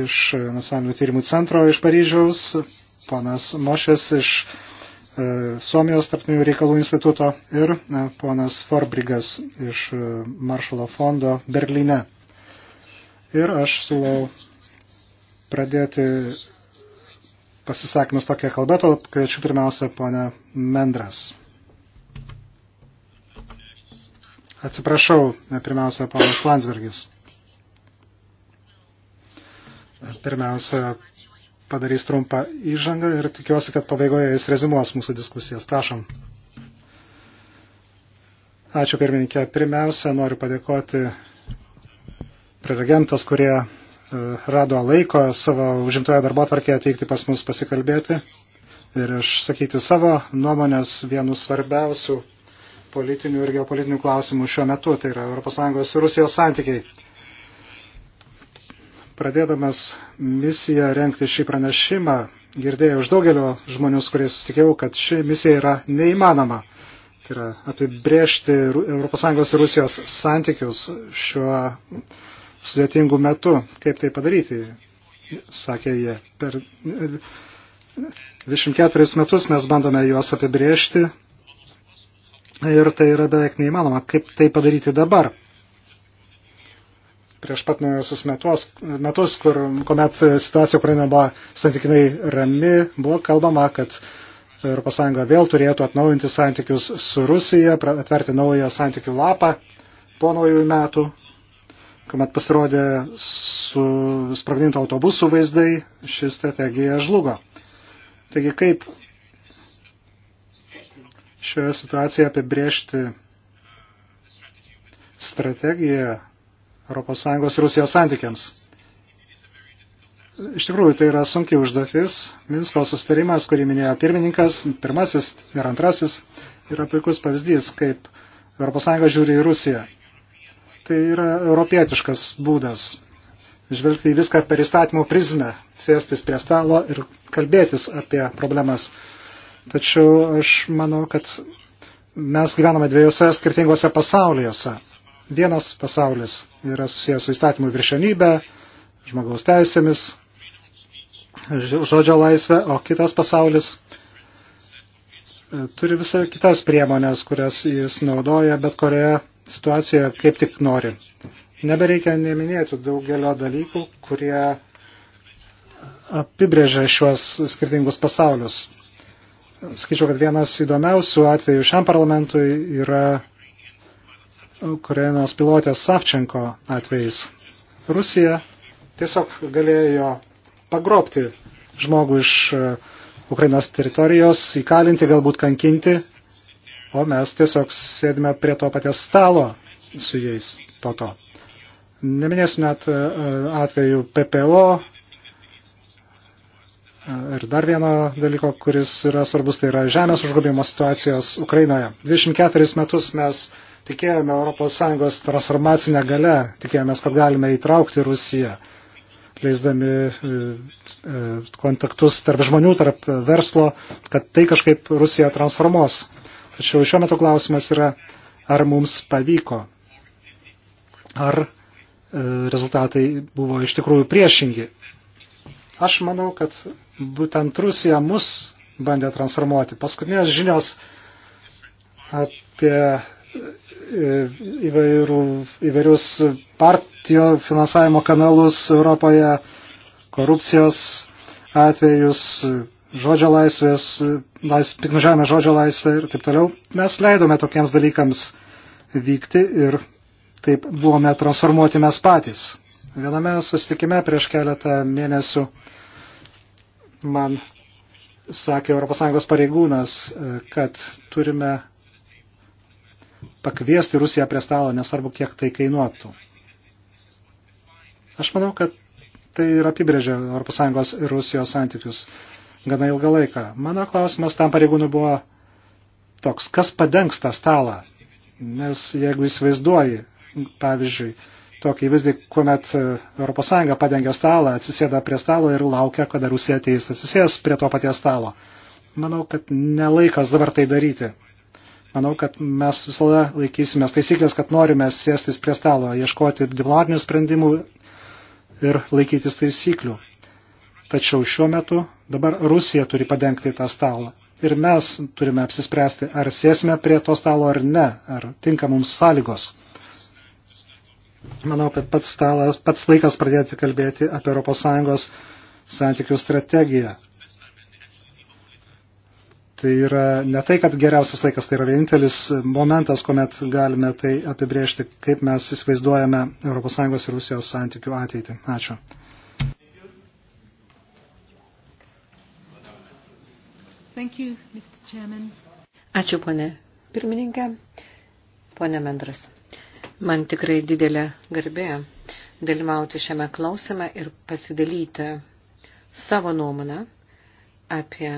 iš Nacionalinių tyrimų centro iš Paryžiaus, ponas Mošės iš e, Suomijos tarptinių reikalų instituto ir e, ponas Forbrigas iš e, Maršalo fondo Berlyne. Ir aš siūlau pradėti pasisakymus tokia kalba, to kviečiu pirmiausia ponę Mendras. Atsiprašau, pirmiausia, ponas Landsbergis pirmiausia padarys trumpą įžangą ir tikiuosi, kad pabaigoje jis rezumuos mūsų diskusijas. Prašom. Ačiū pirmininkė. Pirmiausia, noriu padėkoti prelegentas, kurie e, rado laiko savo užimtoje darbo tvarkėje atvykti pas mus pasikalbėti ir išsakyti savo nuomonės vienų svarbiausių politinių ir geopolitinių klausimų šiuo metu, tai yra ES ir Rusijos santykiai. Pradėdamas misiją renkti šį pranešimą, girdėjau iš daugelio žmonių, su kuriais susitikėjau, kad ši misija yra neįmanoma. Tai yra apibriežti ES ir Rusijos santykius šiuo sudėtingu metu. Kaip tai padaryti, sakė jie. Per 24 metus mes bandome juos apibriežti ir tai yra beveik neįmanoma. Kaip tai padaryti dabar? prieš pat naujosius metus, metus kur, kuomet situacija Ukraina buvo santykinai rami, buvo kalbama, kad ES vėl turėtų atnaujinti santykius su Rusija, atverti naują santykių lapą po naujų metų, kuomet pasirodė su sprogdinto autobusų vaizdai, ši strategija žlugo. Taigi kaip šioje situacijoje apibriežti strategiją ES ir Rusijos santykiams. Iš tikrųjų, tai yra sunkiai užduotis. Minsko sustarimas, kurį minėjo pirmininkas, pirmasis ir antrasis, yra puikus pavyzdys, kaip ES žiūri į Rusiją. Tai yra europietiškas būdas žvelgti į viską per įstatymų prizmę, sėstis prie stalo ir kalbėtis apie problemas. Tačiau aš manau, kad mes gyvename dviejose skirtingose pasauliuose vienas pasaulis yra susijęs su įstatymų viršenybė, žmogaus teisėmis, žodžio laisvė, o kitas pasaulis e, turi visą kitas priemonės, kurias jis naudoja bet kurioje situacijoje kaip tik nori. Nebereikia neminėti daugelio dalykų, kurie apibrėžia šiuos skirtingus pasaulius. Skaičiau, kad vienas įdomiausių atvejų šiam parlamentui yra Ukrainos pilotės Savčenko atvejais. Rusija tiesiog galėjo pagrobti žmogų iš e, Ukrainos teritorijos, įkalinti, galbūt kankinti, o mes tiesiog sėdime prie to paties stalo su jais po to. Neminėsiu net e, atveju PPO e, ir dar vieno dalyko, kuris yra svarbus, tai yra žemės užgrobimo situacijos Ukrainoje. 24 metus mes tikėjome ES transformacinę galę, tikėjomės, kad galime įtraukti Rusiją, leisdami e, e, kontaktus tarp žmonių, tarp verslo, kad tai kažkaip Rusija transformuos. Tačiau šiuo metu klausimas yra, ar mums pavyko, ar e, rezultatai buvo iš tikrųjų priešingi. Aš manau, kad būtent Rusija mus bandė transformuoti. Paskutinės žinios apie įvairių, įvairius partijų finansavimo kanalus Europoje, korupcijos atvejus, žodžio laisvės, lais, piknažavimą žodžio laisvę ir taip toliau. Mes leidome tokiems dalykams vykti ir taip buvome transformuoti mes patys. Viename susitikime prieš keletą mėnesių man sakė ES pareigūnas, kad turime pakviesti Rusiją prie stalo, nesvarbu, kiek tai kainuotų. Aš manau, kad tai ir apibrėžia ES ir Rusijos santykius gana ilgą laiką. Mano klausimas tam pareigūnų buvo toks, kas padengs tą stalą? Nes jeigu įsivaizduoji, pavyzdžiui, tokį įvaizdį, kuomet ES padengia stalą, atsisėda prie stalo ir laukia, kada Rusija ateis, atsisės prie to paties stalo. Manau, kad nelaikas dabar tai daryti. Manau, kad mes visada laikysime taisyklės, kad norime sėstis prie stalo, ieškoti diplomatinių sprendimų ir laikytis taisyklių. Tačiau šiuo metu dabar Rusija turi padengti tą stalą. Ir mes turime apsispręsti, ar sėsime prie to stalo ar ne, ar tinka mums sąlygos. Manau, kad pats, stalas, pats laikas pradėti kalbėti apie ES santykių strategiją. Tai yra ne tai, kad geriausias laikas, tai yra vienintelis momentas, kuomet galime tai apibriežti, kaip mes įsivaizduojame ES ir Rusijos santykių ateitį. Ačiū. Thank you, Mr. Chairman. Ačiū, ponė pirmininkė, ponė Mendras. Man tikrai didelė garbė dalyvauti šiame klausime ir pasidalyti savo nuomonę apie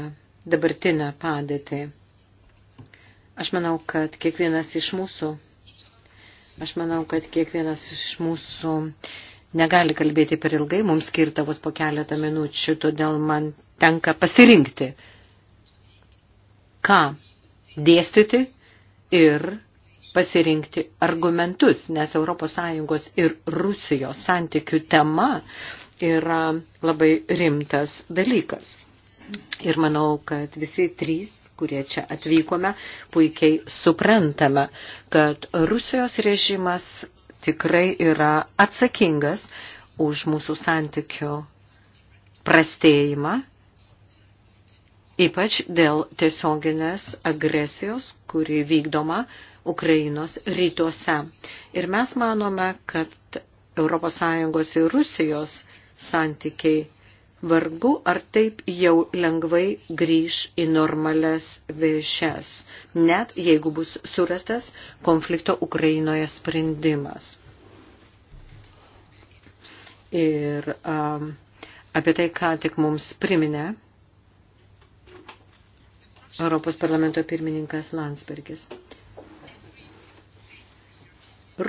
dabartinę padėtį. Aš manau, kad kiekvienas iš mūsų, aš manau, kad kiekvienas iš mūsų negali kalbėti per ilgai, mums skirta vos po keletą minučių, todėl man tenka pasirinkti, ką dėstyti ir pasirinkti argumentus, nes ES ir Rusijos santykių tema yra labai rimtas dalykas. Ir manau, kad visi trys, kurie čia atvykome, puikiai suprantame, kad Rusijos režimas tikrai yra atsakingas už mūsų santykių prastėjimą, ypač dėl tiesioginės agresijos, kuri vykdoma Ukrainos rytuose. Ir mes manome, kad ES ir Rusijos santykiai Vargu, ar taip jau lengvai grįž į normales viešes, net jeigu bus surastas konflikto Ukrainoje sprendimas. Ir um, apie tai, ką tik mums priminė Europos parlamento pirmininkas Landsbergis.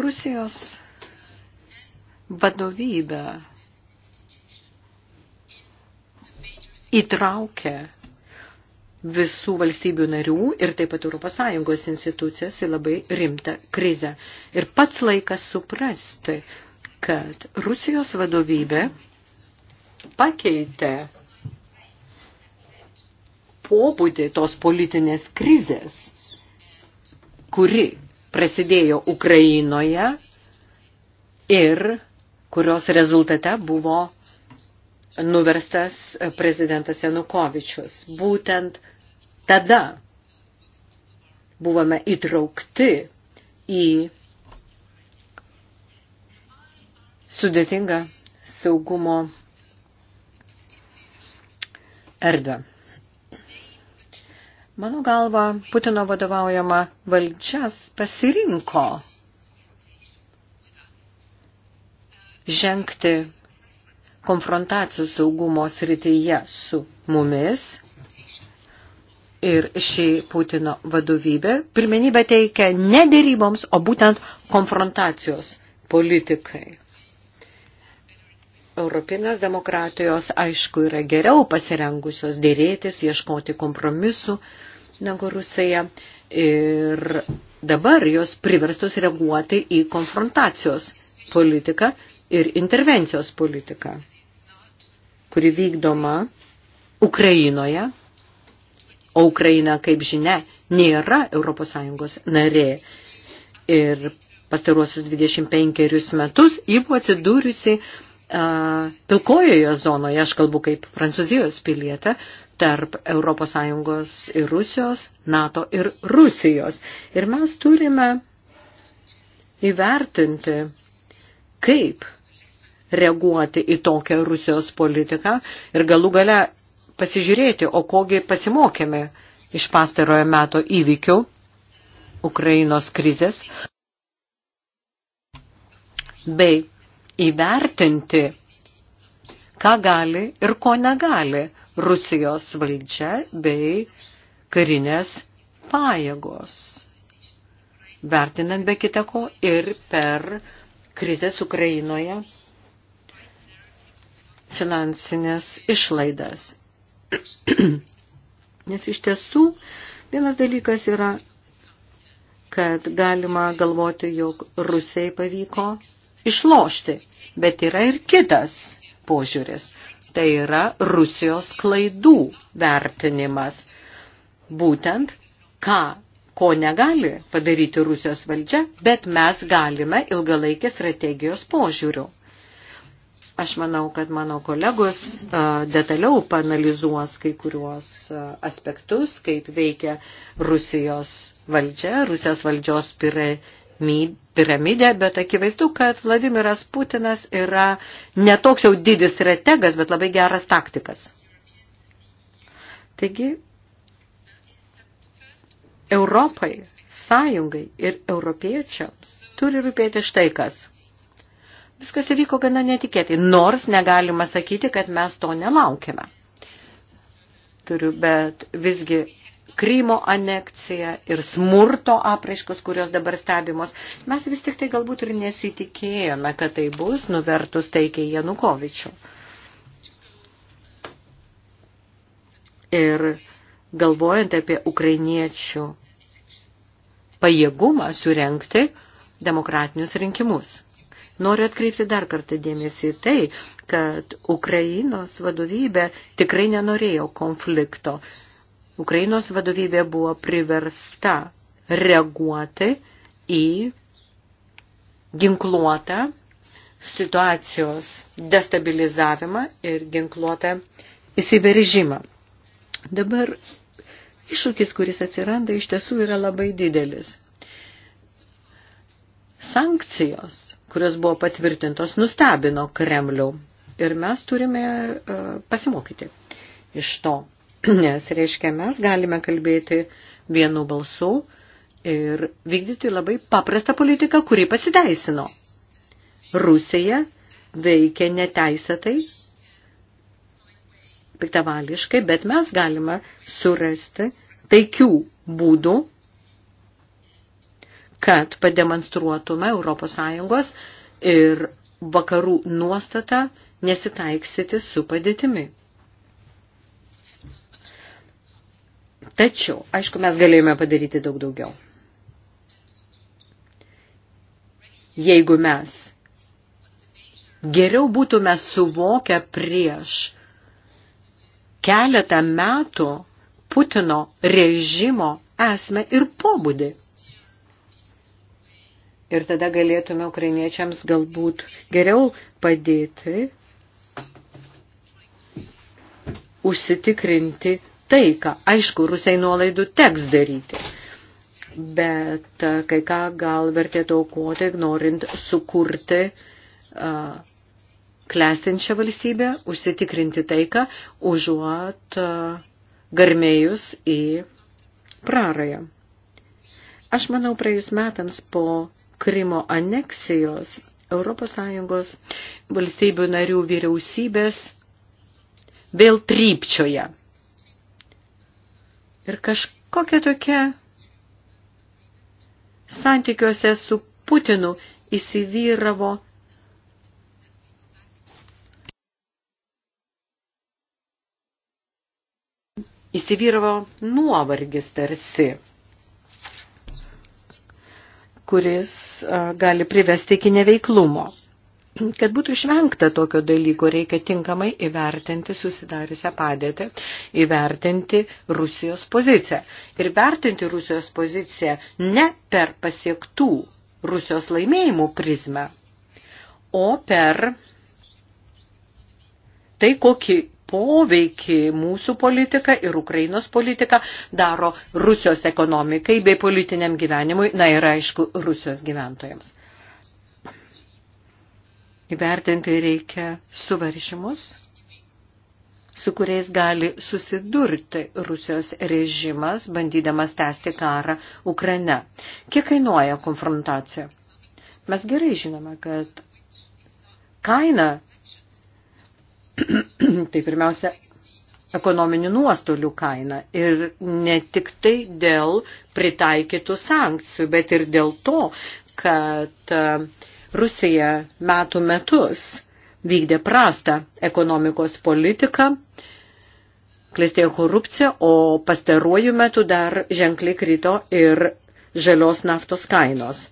Rusijos vadovybė įtraukia visų valstybių narių ir taip pat ES institucijas į labai rimtą krizę. Ir pats laikas suprasti, kad Rusijos vadovybė pakeitė pobūdį tos politinės krizės, kuri prasidėjo Ukrainoje ir kurios rezultate buvo nuverstas prezidentas Janukovičius. Būtent tada buvome įtraukti į sudėtingą saugumo erdvę. Mano galva, Putino vadovaujama valdžias pasirinko žengti konfrontacijų saugumo srityje su mumis. Ir ši Putino vadovybė pirmenybę teikia ne dėryboms, o būtent konfrontacijos politikai. Europinės demokratijos, aišku, yra geriau pasirengusios dėrėtis, ieškoti kompromisų negu Rusija. Ir dabar jos priverstos reaguoti į konfrontacijos politiką ir intervencijos politiką kuri vykdoma Ukrainoje, o Ukraina, kaip žinia, nėra ES narė. Ir pastaruosius 25 metus ji buvo atsidūrusi uh, pilkojoje zonoje, aš kalbu kaip Prancūzijos pilietė, tarp ES ir Rusijos, NATO ir Rusijos. Ir mes turime įvertinti, kaip reaguoti į tokią Rusijos politiką ir galų gale pasižiūrėti, o kogi pasimokėme iš pastarojo meto įvykių Ukrainos krizės bei įvertinti, ką gali ir ko negali Rusijos valdžia bei karinės pajėgos, vertinant be kitako ir per krizės Ukrainoje finansinės išlaidas. Nes iš tiesų vienas dalykas yra, kad galima galvoti, jog Rusijai pavyko išlošti, bet yra ir kitas požiūris. Tai yra Rusijos klaidų vertinimas. Būtent, ką ko negali padaryti Rusijos valdžia, bet mes galime ilgalaikės strategijos požiūrių. Aš manau, kad mano kolegos detaliau panalizuos kai kuriuos aspektus, kaip veikia Rusijos valdžia, Rusijos valdžios piramidė, bet akivaizdu, kad Vladimiras Putinas yra netoks jau didis strategas, bet labai geras taktikas. Taigi, Europai, sąjungai ir europiečiams turi rūpėti štai kas – Viskas įvyko gana netikėtai, nors negalima sakyti, kad mes to nelaukime. Turiu, bet visgi Krymo anekcija ir smurto apraiškos, kurios dabar stebimos, mes vis tik tai galbūt ir nesitikėjome, kad tai bus nuvertus taikiai Janukovičių. Ir galvojant apie ukrainiečių pajėgumą surenkti demokratinius rinkimus. Noriu atkreipti dar kartą dėmesį tai, kad Ukrainos vadovybė tikrai nenorėjo konflikto. Ukrainos vadovybė buvo priversta reaguoti į ginkluotą situacijos destabilizavimą ir ginkluotą įsiveržimą. Dabar iššūkis, kuris atsiranda, iš tiesų yra labai didelis. Sankcijos, kurios buvo patvirtintos, nustebino Kremlių ir mes turime e, pasimokyti iš to. Nes, reiškia, mes galime kalbėti vienu balsu ir vykdyti labai paprastą politiką, kuri pasiteisino. Rusija veikia neteisėtai, piktavališkai, bet mes galime surasti taikių būdų kad pademonstruotume ES ir vakarų nuostatą nesitaiksyti su padėtimi. Tačiau, aišku, mes galėjome padaryti daug daugiau. Jeigu mes geriau būtume suvokę prieš keletą metų Putino režimo esmę ir pobūdį. Ir tada galėtume ukrainiečiams galbūt geriau padėti užsitikrinti taiką. Aišku, rusai nuolaidų teks daryti, bet kai ką gal vertėtų aukoti, norint sukurti uh, klestinčią valstybę, užsitikrinti taiką, užuot uh, garmėjus į prarąją. Aš manau, praėjus metams po Krimo aneksijos ES valstybių narių vyriausybės vėl trypčioje. Ir kažkokia tokia santykiuose su Putinu įsivyravo įsivyravo nuovargis tarsi kuris gali privesti iki neveiklumo. Kad būtų išvengta tokio dalyko, reikia tinkamai įvertinti susidariusią padėtį, įvertinti Rusijos poziciją. Ir vertinti Rusijos poziciją ne per pasiektų Rusijos laimėjimų prizmę, o per tai, kokį poveikį mūsų politiką ir Ukrainos politiką daro Rusijos ekonomikai bei politiniam gyvenimui, na ir aišku, Rusijos gyventojams. Įvertinti reikia suvaržymus, su kuriais gali susidurti Rusijos režimas, bandydamas tęsti karą Ukraine. Kiek kainuoja konfrontacija? Mes gerai žinome, kad kaina tai pirmiausia ekonominių nuostolių kaina. Ir ne tik tai dėl pritaikytų sankcijų, bet ir dėl to, kad e, Rusija metų metus vykdė prastą ekonomikos politiką, klestėjo korupcija, o pastaruoju metu dar ženkliai krito ir žalios naftos kainos.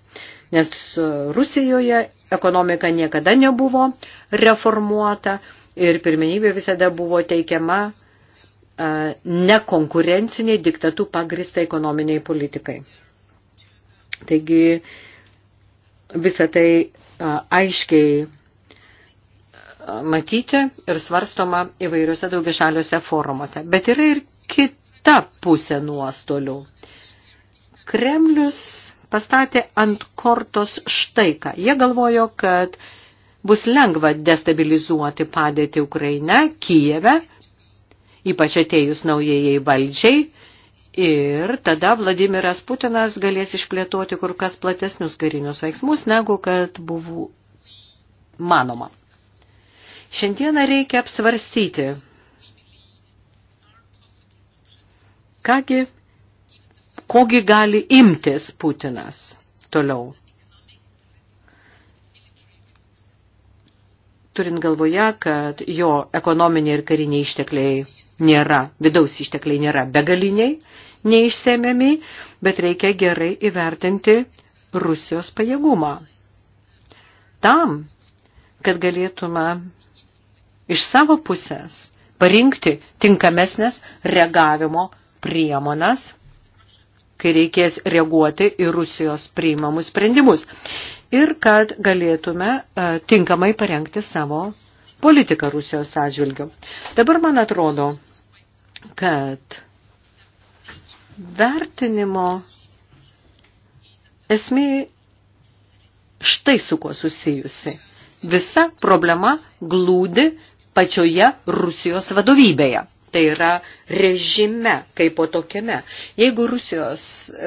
Nes e, Rusijoje ekonomika niekada nebuvo reformuota, ir pirmenybė visada buvo teikiama e, nekonkurenciniai diktatų pagristai ekonominiai politikai. Taigi visą tai e, aiškiai e, matyti ir svarstoma įvairiuose daugišaliuose forumuose. Bet yra ir kita pusė nuostolių. Kremlius pastatė ant kortos štaiką. Jie galvojo, kad uh, bus lengva destabilizuoti padėtį Ukraine, Kijeve, ypač atėjus naujajai valdžiai, ir tada Vladimiras Putinas galės išplėtoti kur kas platesnius karinius veiksmus, negu kad buvo manoma. Šiandieną reikia apsvarstyti, kągi, kogi gali imtis Putinas toliau. turint galvoje, kad jo ekonominiai ir kariniai ištekliai nėra, vidaus ištekliai nėra begaliniai, neišsemiami, bet reikia gerai įvertinti Rusijos pajėgumą. Tam, kad galėtume iš savo pusės parinkti tinkamesnės reagavimo priemonas, kai reikės reaguoti į Rusijos priimamus sprendimus ir kad galėtume e, tinkamai parengti savo politiką Rusijos atžvilgiu. Dabar man atrodo, kad vertinimo esmė štai su kuo susijusi. Visa problema glūdi pačioje Rusijos vadovybėje tai yra režime, kaip po tokiame. Jeigu Rusijos,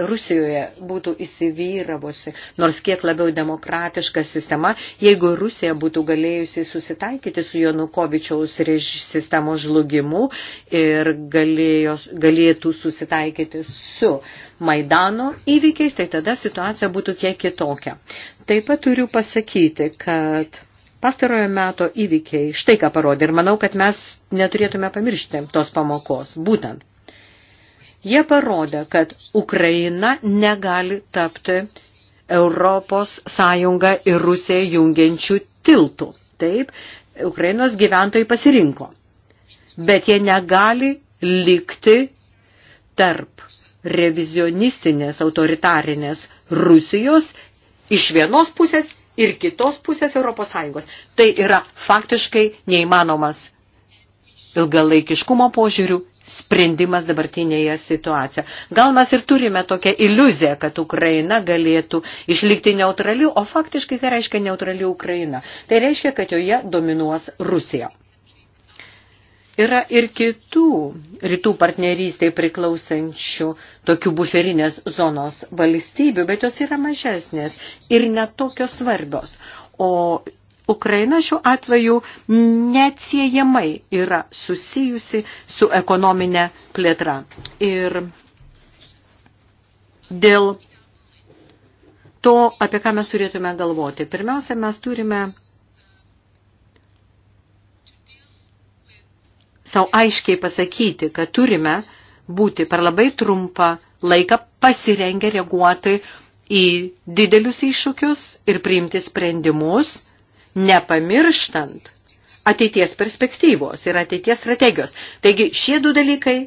Rusijoje būtų įsivyravusi nors kiek labiau demokratiška sistema, jeigu Rusija būtų galėjusi susitaikyti su Jonukovičiaus rež, sistemos žlugimu ir galėjo, galėtų susitaikyti su Maidano įvykiais, tai tada situacija būtų kiek kitokia. Taip pat turiu pasakyti, kad Pastarojo meto įvykiai štai ką parodė ir manau, kad mes neturėtume pamiršti tos pamokos. Būtent, jie parodė, kad Ukraina negali tapti Europos sąjungą ir Rusiją jungiančių tiltų. Taip, Ukrainos gyventojai pasirinko. Bet jie negali likti tarp revizionistinės autoritarinės Rusijos iš vienos pusės ir kitos pusės Europos Sąjungos. Tai yra faktiškai neįmanomas ilgalaikiškumo požiūrių sprendimas dabartinėje situacijoje. Gal mes ir turime tokią iliuziją, kad Ukraina galėtų išlikti neutraliu, o faktiškai ką tai reiškia neutrali Ukraina? Tai reiškia, kad joje dominuos Rusija. Yra ir kitų rytų partnerystai priklausančių tokių buferinės zonos valstybių, bet jos yra mažesnės ir netokios svarbios. O Ukraina šiuo atveju neatsiejamai yra susijusi su ekonominė plėtra. Ir dėl to, apie ką mes turėtume galvoti. Pirmiausia, mes turime savo aiškiai pasakyti, kad turime būti per labai trumpą laiką pasirengę reaguoti į didelius iššūkius ir priimti sprendimus, nepamirštant ateities perspektyvos ir ateities strategijos. Taigi šie du dalykai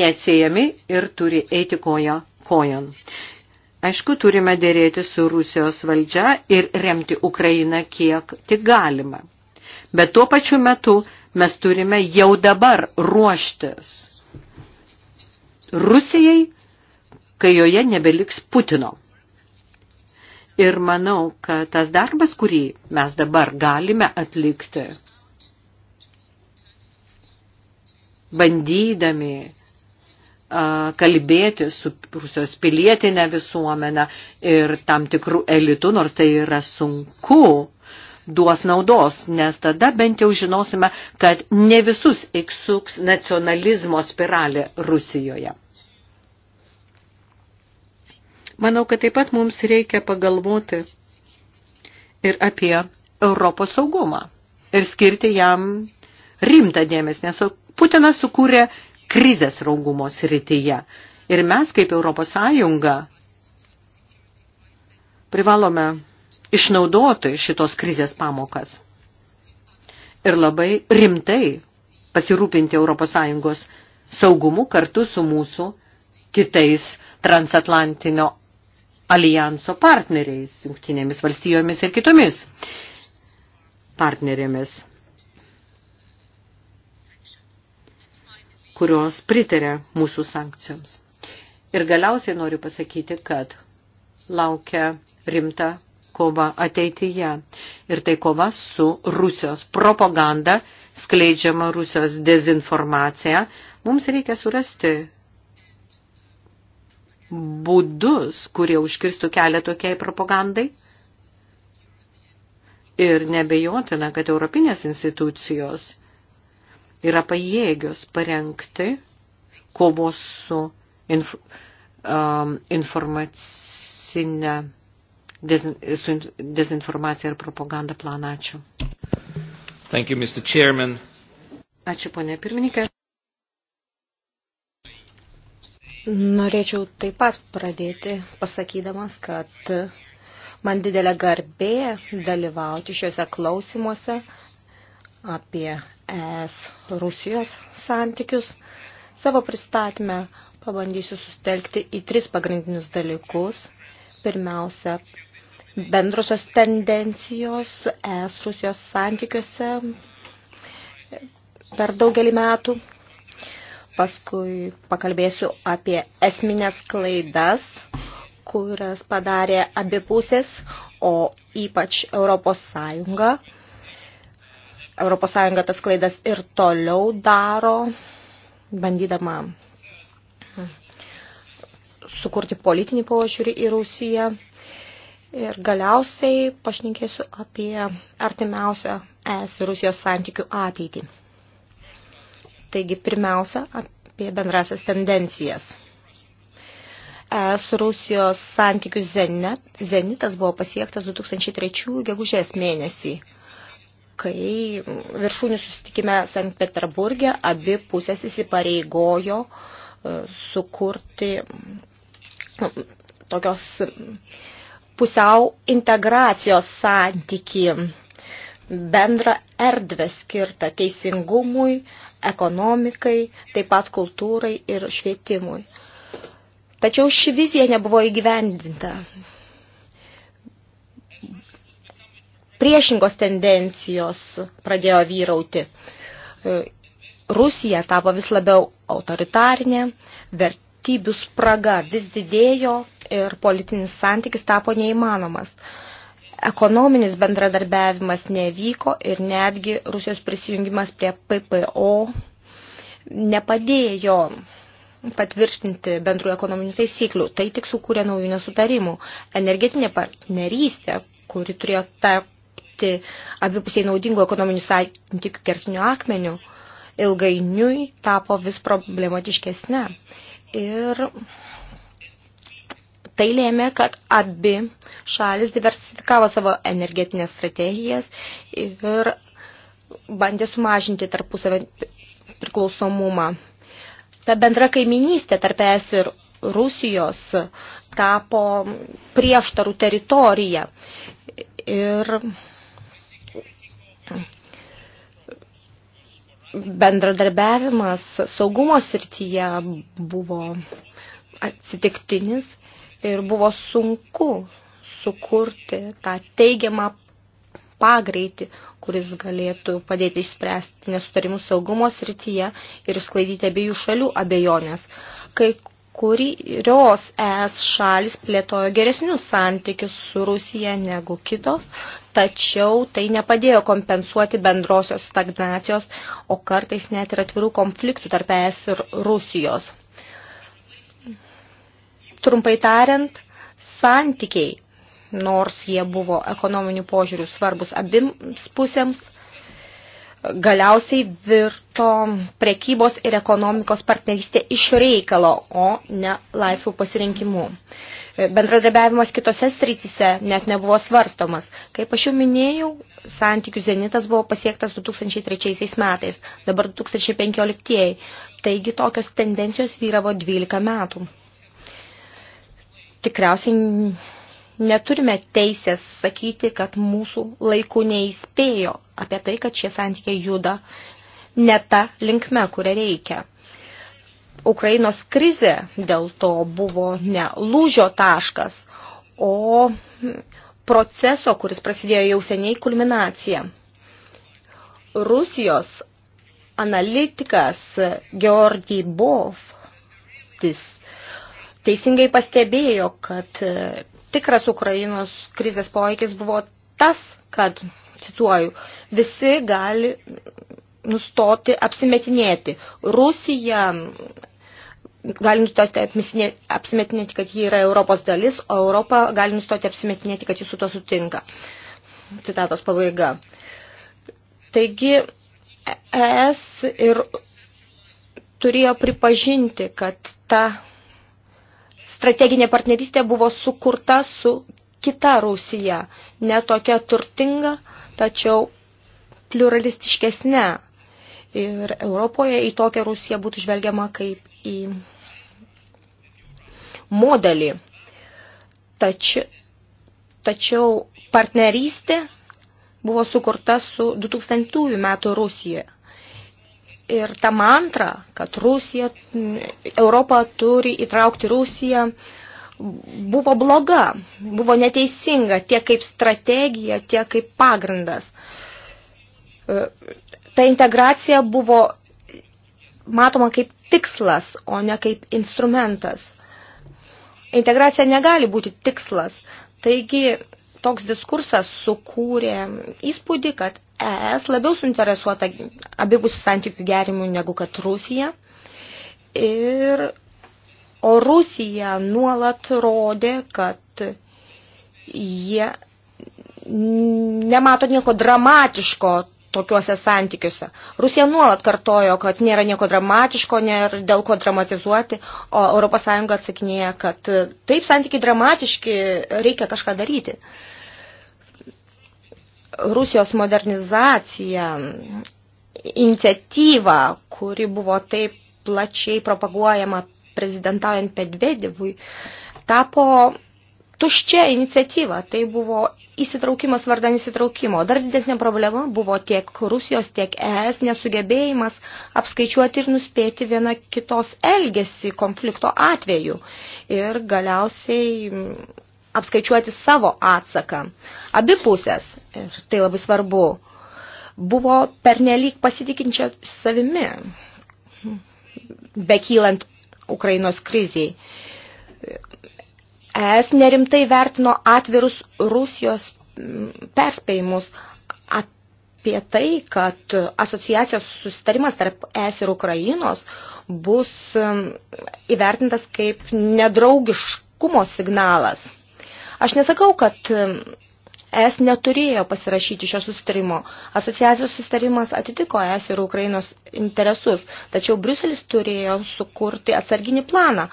neatsiejami ir turi eiti koja kojon. Aišku, turime dėrėti su Rusijos valdžia ir remti Ukrainą kiek tik galima. Bet tuo pačiu metu Mes turime jau dabar ruoštis Rusijai, kai joje nebeliks Putino. Ir manau, kad tas darbas, kurį mes dabar galime atlikti, bandydami kalbėti su Rusijos pilietinė visuomenė ir tam tikrų elitų, nors tai yra sunku, duos naudos, nes tada bent jau žinosime, kad ne visus įsuks nacionalizmo spiralė Rusijoje. Manau, kad taip pat mums reikia pagalvoti ir apie Europos saugumą ir skirti jam rimtą dėmesį, nes Putinas sukūrė krizės raugumo srityje. Ir mes kaip Europos Sąjunga privalome išnaudotų šitos krizės pamokas ir labai rimtai pasirūpinti ES saugumu kartu su mūsų kitais transatlantinio alijanso partneriais, jungtinėmis valstijomis ir kitomis partnerėmis, kurios pritarė mūsų sankcijoms. Ir galiausiai noriu pasakyti, kad laukia rimta kova ateityje. Ir tai kova su Rusijos propaganda, skleidžiama Rusijos dezinformacija. Mums reikia surasti būdus, kurie užkirstų kelią tokiai propagandai. Ir nebejotina, kad europinės institucijos yra pajėgios parengti kovos su inf, um, informacinę su dezinformacija ir propaganda planą. Ačiū. Thank you, Mr. Chairman. Ačiū, ponė pirmininkė. Norėčiau taip pat pradėti pasakydamas, kad man didelė garbė dalyvauti šiuose klausimuose apie ES Rusijos santykius. Savo pristatymę pabandysiu sustelkti į tris pagrindinius dalykus. Pirmiausia, bendrosios tendencijos es Rusijos santykiuose per daugelį metų. Paskui pakalbėsiu apie esminės klaidas, kurias padarė abi pusės, o ypač Europos Sąjunga. Europos Sąjunga tas klaidas ir toliau daro, bandydama sukurti politinį požiūrį į Rusiją. Ir galiausiai pašnekėsiu apie artimiausią ES ir Rusijos santykių ateitį. Taigi, pirmiausia, apie bendrasias tendencijas. ES Rusijos santykių zenitas buvo pasiektas 2003 gegužės mėnesį, kai viršūnių susitikime Sankt Peterburgė abi pusės įsipareigojo e, sukurti nu, tokios pusiau integracijos santyki, bendrą erdvę skirtą teisingumui, ekonomikai, taip pat kultūrai ir švietimui. Tačiau ši vizija nebuvo įgyvendinta. Priešingos tendencijos pradėjo vyrauti. Rusija tapo vis labiau autoritarinė, vertybių spraga vis didėjo, ir politinis santykis tapo neįmanomas. Ekonominis bendradarbiavimas nevyko ir netgi Rusijos prisijungimas prie PPO nepadėjo patvirtinti bendrų ekonominių taisyklių. Tai tik sukūrė naujų nesutarimų. Energetinė partnerystė, kuri turėjo tapti abipusiai naudingų ekonominių santykių kertinių akmenių, ilgainiui tapo vis problematiškesnė. Ir Tai lėmė, kad abi šalis diversifikavo savo energetinės strategijas ir bandė sumažinti tarpusavę priklausomumą. Ta bendra kaiminystė tarp ES ir Rusijos tapo prieštarų teritorija. Ir bendradarbiavimas saugumo srityje buvo atsitiktinis ir buvo sunku sukurti tą teigiamą pagreitį, kuris galėtų padėti išspręsti nesutarimus saugumo srityje ir išsklaidyti abiejų šalių abejonės. Kai kurios ES šalis plėtojo geresnius santykius su Rusija negu kitos, tačiau tai nepadėjo kompensuoti bendrosios stagnacijos, o kartais net ir atvirų konfliktų tarp ES ir Rusijos. Trumpai tariant, santykiai, nors jie buvo ekonominių požiūrių svarbus abims pusėms, galiausiai virto prekybos ir ekonomikos partnerystė iš reikalo, o ne laisvų pasirinkimų. Bendradarbiavimas kitose strytise net nebuvo svarstomas. Kaip aš jau minėjau, santykių zenitas buvo pasiektas 2003 metais, dabar 2015. Taigi tokios tendencijos vyravo 12 metų tikriausiai neturime teisės sakyti, kad mūsų laiku neįspėjo apie tai, kad šie santykiai juda ne ta linkme, kurią reikia. Ukrainos krizė dėl to buvo ne lūžio taškas, o proceso, kuris prasidėjo jau seniai kulminacija. Rusijos analitikas Georgi Bovtis teisingai pastebėjo, kad e, tikras Ukrainos krizės poveikis buvo tas, kad, cituoju, visi gali nustoti apsimetinėti. Rusija gali nustoti apsimetinėti, kad ji yra Europos dalis, o Europa gali nustoti apsimetinėti, kad ji su to sutinka. Citatos pabaiga. Taigi, ES ir turėjo pripažinti, kad ta strateginė partnerystė buvo sukurta su kita Rusija, ne tokia turtinga, tačiau pluralistiškesnė. Ir Europoje į tokią Rusiją būtų žvelgiama kaip į modelį. Tači, tačiau partnerystė buvo sukurta su 2000 metų Rusijoje ir ta mantra, kad Rusija, Europa turi įtraukti Rusiją, buvo bloga, buvo neteisinga tiek kaip strategija, tiek kaip pagrindas. Ta integracija buvo matoma kaip tikslas, o ne kaip instrumentas. Integracija negali būti tikslas. Taigi toks diskursas sukūrė įspūdį, kad ES labiau suinteresuota abipusių santykių gerimų negu kad Rusija. Ir, o Rusija nuolat rodė, kad jie nemato nieko dramatiško tokiuose santykiuose. Rusija nuolat kartojo, kad nėra nieko dramatiško, nėra dėl ko dramatizuoti, o ES atsakinėja, kad taip santykiai dramatiški, reikia kažką daryti. Uh, Rusijos modernizacija, iniciatyva, kuri buvo taip plačiai propaguojama prezidentaujant Pedvedevui, tapo tuščia iniciatyva. Tai buvo įsitraukimas vardan įsitraukimo. Dar didesnė problema buvo tiek Rusijos, tiek ES nesugebėjimas apskaičiuoti ir nuspėti viena kitos elgesį konflikto atveju. Ir galiausiai apskaičiuoti savo atsaką. Abi pusės, ir tai labai svarbu, buvo pernelyg pasitikinčia savimi, bekylant Ukrainos kriziai. ES nerimtai vertino atvirus Rusijos mm, perspėjimus apie tai, kad asociacijos susitarimas tarp ES ir Ukrainos bus mm, įvertintas kaip nedraugiškumo signalas. Aš nesakau, kad ES neturėjo pasirašyti šio susitarimo. Asociacijos susitarimas atitiko ES ir Ukrainos interesus, tačiau Briuselis turėjo sukurti atsarginį planą,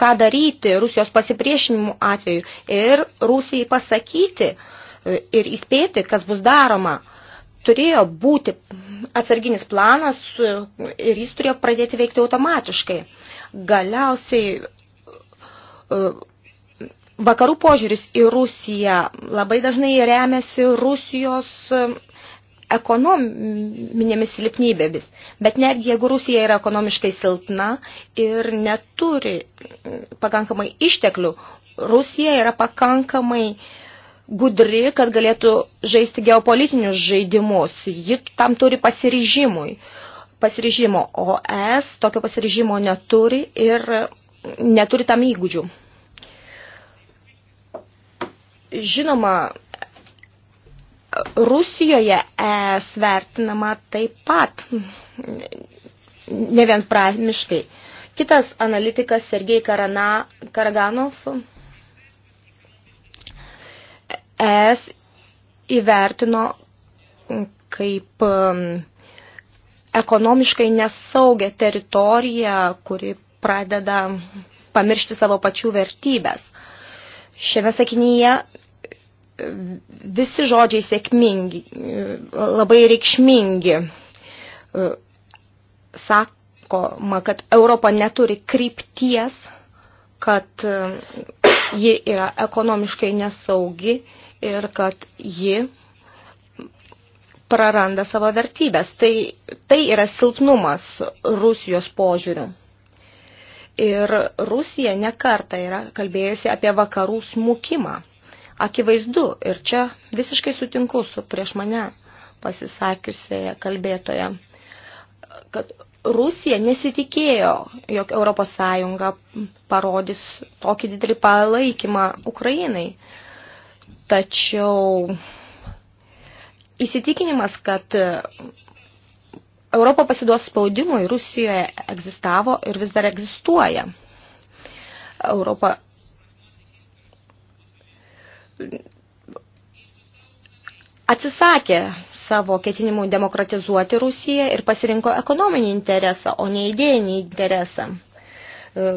ką daryti Rusijos pasipriešinimų atveju ir Rusijai pasakyti e, ir įspėti, kas bus daroma. Turėjo būti atsarginis planas e, ir jis turėjo pradėti veikti automatiškai. Galiausiai e, vakarų požiūris į Rusiją labai dažnai remiasi Rusijos um, ekonominėmis silpnybėmis. Bet netgi jeigu Rusija yra ekonomiškai silpna ir neturi mm, pakankamai išteklių, Rusija yra pakankamai gudri, kad galėtų žaisti geopolitinius žaidimus. Ji tam turi pasiryžimui. Pasiryžimo, o es tokio pasiryžimo neturi ir mm, neturi tam įgūdžių. Žinoma, Rusijoje es vertinama taip pat, ne vien pramiškai. Kitas analitikas Sergei Karana, Karaganov es įvertino kaip um, ekonomiškai nesaugia teritorija, kuri pradeda pamiršti savo pačių vertybės. Šiame sakinyje visi žodžiai sėkmingi, labai reikšmingi. Sakoma, kad Europa neturi krypties, kad ji yra ekonomiškai nesaugi ir kad ji praranda savo vertybės. Tai, tai yra silpnumas Rusijos požiūrių. Ir Rusija nekarta yra kalbėjusi apie vakarų smukimą akivaizdu ir čia visiškai sutinku su prieš mane pasisakiusioje kalbėtoje, kad Rusija nesitikėjo, jog ES parodys tokį didelį palaikymą Ukrainai. Tačiau įsitikinimas, kad Europa pasiduos spaudimui, Rusijoje egzistavo ir vis dar egzistuoja. Europa atsisakė savo ketinimų demokratizuoti Rusiją ir pasirinko ekonominį interesą, o ne idėjinį interesą. E,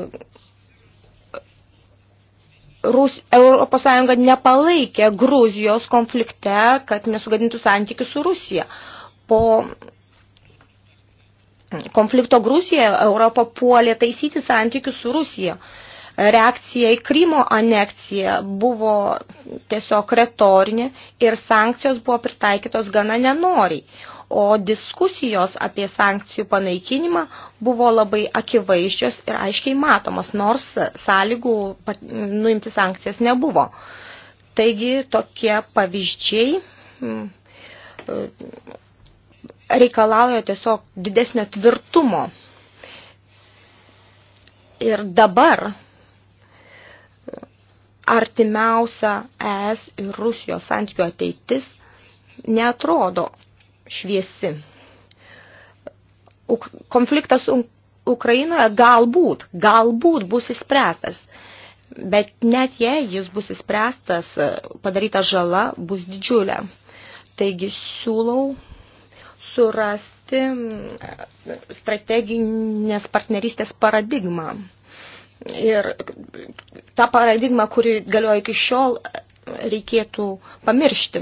Rus, Europos Sąjunga nepalaikė Gruzijos konflikte, kad nesugadintų santykių su Rusija. Po konflikto Gruzijoje Europa puolė taisyti santykius su Rusija. Uh, reakcija į Krymo anekciją buvo tiesiog retorinė ir sankcijos buvo pritaikytos gana nenoriai. O diskusijos apie sankcijų panaikinimą buvo labai akivaizdžios ir aiškiai matomos, nors sąlygų nuimti sankcijas nebuvo. Taigi tokie pavyzdžiai mm, reikalauja tiesiog didesnio tvirtumo. Ir dabar artimiausia ES ir Rusijos santykių ateitis neatrodo šviesi. Uk konfliktas Ukrainoje galbūt, galbūt bus įspręstas, bet net jei jis bus įspręstas, padaryta žala bus didžiulė. Taigi siūlau surasti strateginės partnerystės paradigmą. Ir tą paradigmą, kuri galioja iki šiol, reikėtų pamiršti.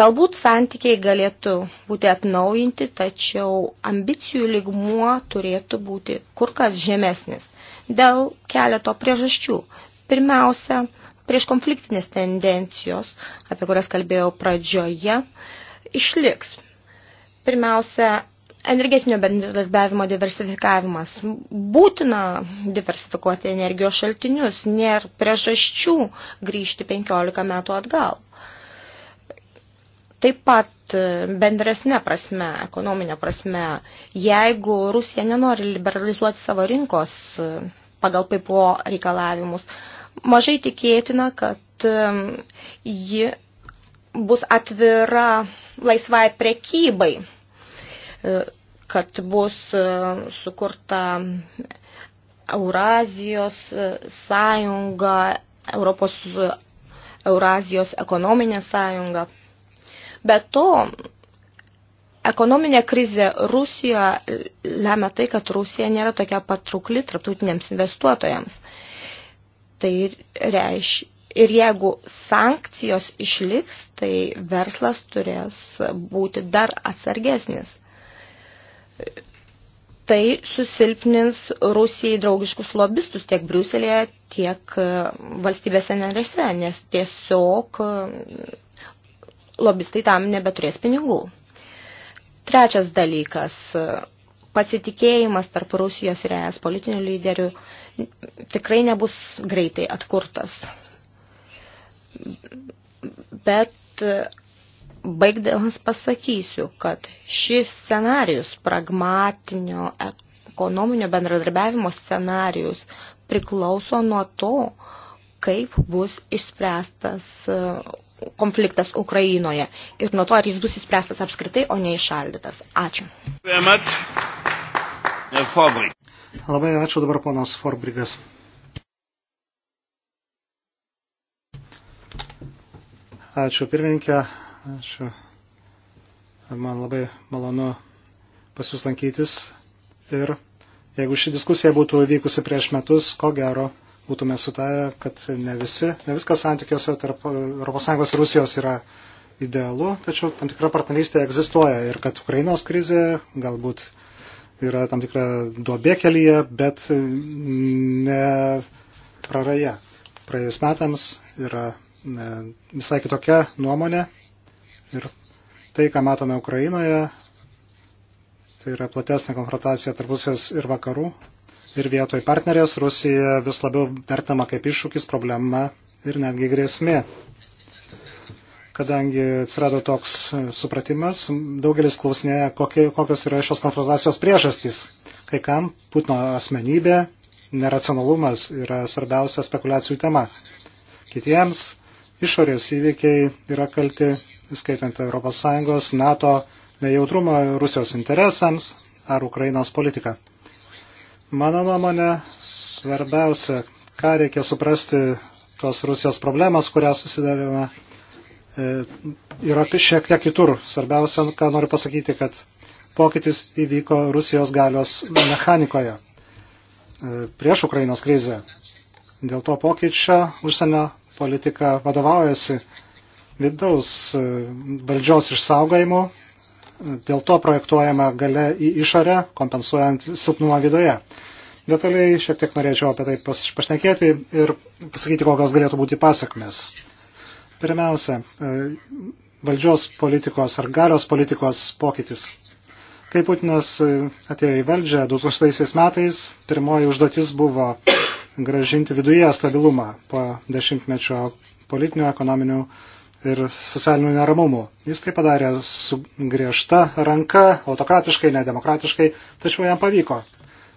Galbūt santykiai galėtų būti atnaujinti, tačiau ambicijų lygmuo turėtų būti kur kas žemesnis dėl keleto priežasčių. Pirmiausia, prieš konfliktinės tendencijos, apie kurias kalbėjau pradžioje, išliks. Pirmiausia, Energetinio bendradarbiavimo diversifikavimas. Būtina diversifikuoti energijos šaltinius, nėra priežasčių grįžti 15 metų atgal. Taip pat e, bendresnė prasme, ekonominė prasme, jeigu Rusija nenori liberalizuoti savo rinkos e, pagal PPO reikalavimus, mažai tikėtina, kad e, ji bus atvira laisvai prekybai kad bus e, sukurta Eurazijos e, sąjunga, Europos e, Eurazijos ekonominė sąjunga. Be to, ekonominė krizė Rusijoje lemia tai, kad Rusija nėra tokia patraukli tarptautiniams investuotojams. Tai reiškia. Ir jeigu sankcijos išliks, tai verslas turės būti dar atsargesnis tai susilpnins Rusijai draugiškus lobistus tiek Briuselėje, tiek e, valstybėse narėse, nes tiesiog e, lobistai tam nebeturės pinigų. Trečias dalykas e, – pasitikėjimas tarp Rusijos ir ES politinių lyderių tikrai nebus greitai atkurtas. Bet Baigdamas pasakysiu, kad šis scenarius, pragmatinio ekonominio bendradarbiavimo scenarius, priklauso nuo to, kaip bus išspręstas e, konfliktas Ukrainoje ir nuo to, ar jis bus išspręstas apskritai, o ne išaldytas. Ačiū. Labai ačiū dabar ponas Forbrigas. Ačiū pirmininkė, Ačiū. Man labai malonu pas jūs lankytis. Ir jeigu ši diskusija būtų vykusi prieš metus, ko gero būtume sutarę, kad ne, visi, ne viskas santykiuose tarp ES ir Rusijos yra idealu, tačiau tam tikra partnerystė egzistuoja ir kad Ukrainos krizė galbūt yra tam tikra duobė kelyje, bet ne praraja. Praėjus metams yra e, visai kitokia nuomonė Ir tai, ką matome Ukrainoje, tai yra platesnė konfrontacija tarp Rusijos ir vakarų. Ir vietoj partnerės Rusija vis labiau vertama kaip iššūkis, problema ir netgi grėsmė. Kadangi atsirado toks supratimas, daugelis klausinėja, kokios yra šios konfrontacijos priežastys. Kai kam Putino asmenybė, neracionalumas yra svarbiausia spekulacijų tema. Kitiems išorės įvykiai yra kalti skaitant ES, NATO nejautrumą Rusijos interesams ar Ukrainos politiką. Mano nuomonė, svarbiausia, ką reikia suprasti tos Rusijos problemas, kurią susidarėme, e, yra šiek tiek kitur. Svarbiausia, ką noriu pasakyti, kad pokytis įvyko Rusijos galios mechanikoje e, prieš Ukrainos krizę. Dėl to pokyčio užsienio politika vadovaujasi vidaus e, valdžios išsaugojimu, e, dėl to projektuojama gale į išorę, kompensuojant silpnumą viduje. Detaliai šiek tiek norėčiau apie tai pašnekėti ir pasakyti, kokios galėtų būti pasakmes. Pirmiausia, e, valdžios politikos ar galios politikos pokytis. Kai Putinas atėjo į valdžią 2000 metais, pirmoji užduotis buvo gražinti viduje stabilumą po dešimtmečio politinių, ekonominių ir socialinių neramumų. Jis tai padarė su griežta ranka, autokratiškai, nedemokratiškai, tačiau jam pavyko.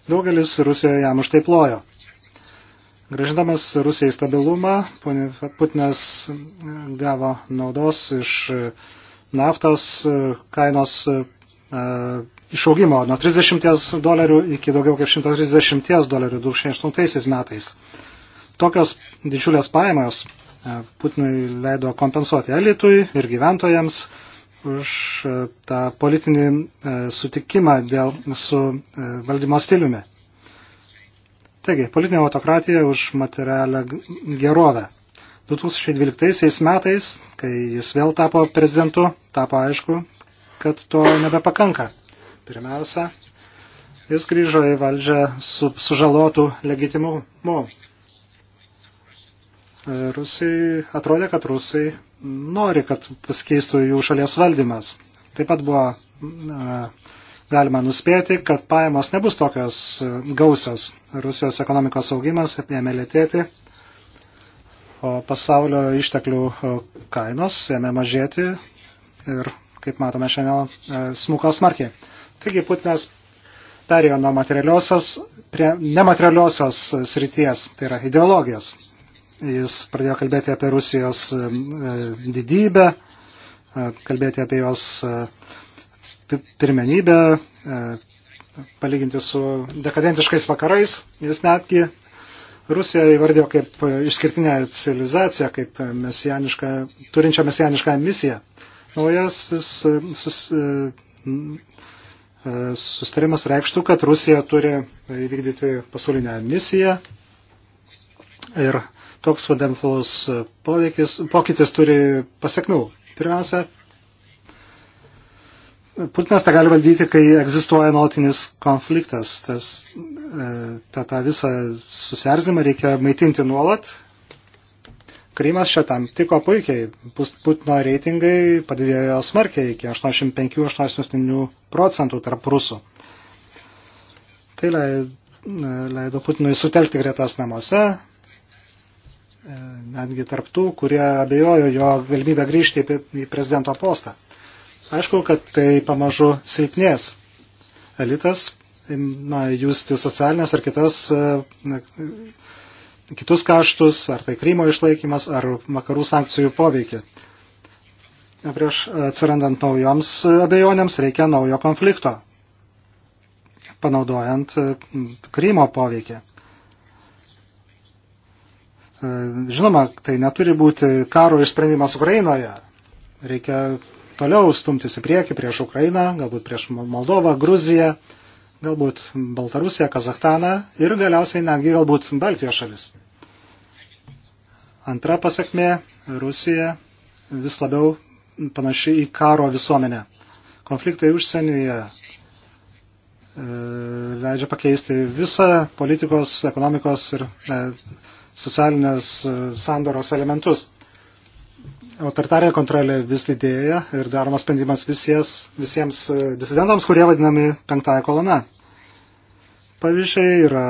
Daugelis Rusijoje jam už tai plojo. Gražindamas Rusijai stabilumą, Putinas gavo naudos iš naftos kainos e, išaugimo nuo 30 dolerių iki daugiau kaip 130 dolerių 2008 metais. Tokios didžiulės pajamos E, Putinui leido kompensuoti elitui ir gyventojams už e, tą politinį e, sutikimą dėl, su valdymo stiliumi. Taigi, politinė autokratija už materialią gerovę. 2012 metais, kai jis vėl tapo prezidentu, tapo aišku, kad to nebepakanka. Pirmiausia, jis grįžo į valdžią su sužalotų legitimumu. Rusijai, atrodė, kad rusai nori, kad pasikeistų jų šalies valdymas. Taip pat buvo galima nuspėti, kad pajamos nebus tokios e, gausios. Rusijos ekonomikos augimas ėmė lėtėti, o pasaulio išteklių e, kainos ėmė mažėti ir, kaip matome šiandien, e, smuko smarkiai. Taigi Putinas perėjo nuo materialiosios prie nematerialiosios srities, tai yra ideologijos. Jis pradėjo kalbėti apie Rusijos e, e, didybę, e, kalbėti apie jos pirmenybę, palyginti su dekadentiškais vakarais. Jis netgi Rusiją įvardėjo kaip išskirtinę civilizaciją, kaip mesijanišką, turinčią mesijanišką misiją. Naujasis sus, sustarimas reikštų, kad Rusija turi įvykdyti pasaulinę misiją ir toks vandenflus pokytis turi pasiekmių. Pirmiausia, Putinas tą gali valdyti, kai egzistuoja nuolatinis konfliktas. Tas, ta, e, ta visą susierzimą reikia maitinti nuolat. Krymas čia tam tiko puikiai. Putino reitingai padidėjo smarkiai iki 85-87 procentų tarp rusų. Tai e, leido Putinui sutelkti gretas namuose, netgi tarptų, kurie abejojo jo galimybę grįžti į prezidento postą. Aišku, kad tai pamažu silpnės. Elitas na, jūsti socialinės ar kitas, na, kitus kaštus, ar tai Krymo išlaikymas, ar vakarų sankcijų poveikį. Prieš atsirandant naujoms abejonėms reikia naujo konflikto, panaudojant Krymo poveikį. E, žinoma, tai neturi būti karo išsprendimas Ukrainoje. Reikia toliau stumtis į priekį prieš Ukrainą, galbūt prieš Moldovą, Gruziją, galbūt Baltarusiją, Kazahstaną ir galiausiai netgi galbūt Baltijos šalis. Antra pasakmė - Rusija vis labiau panaši į karo visuomenę. Konfliktai užsienyje e, leidžia pakeisti visą politikos, ekonomikos ir e, socialinės e, sandoros elementus. Autoritarinė kontrolė vis didėja ir daromas sprendimas visies, visiems e, disidentams, kurie vadinami penktąją koloną. Pavyzdžiai yra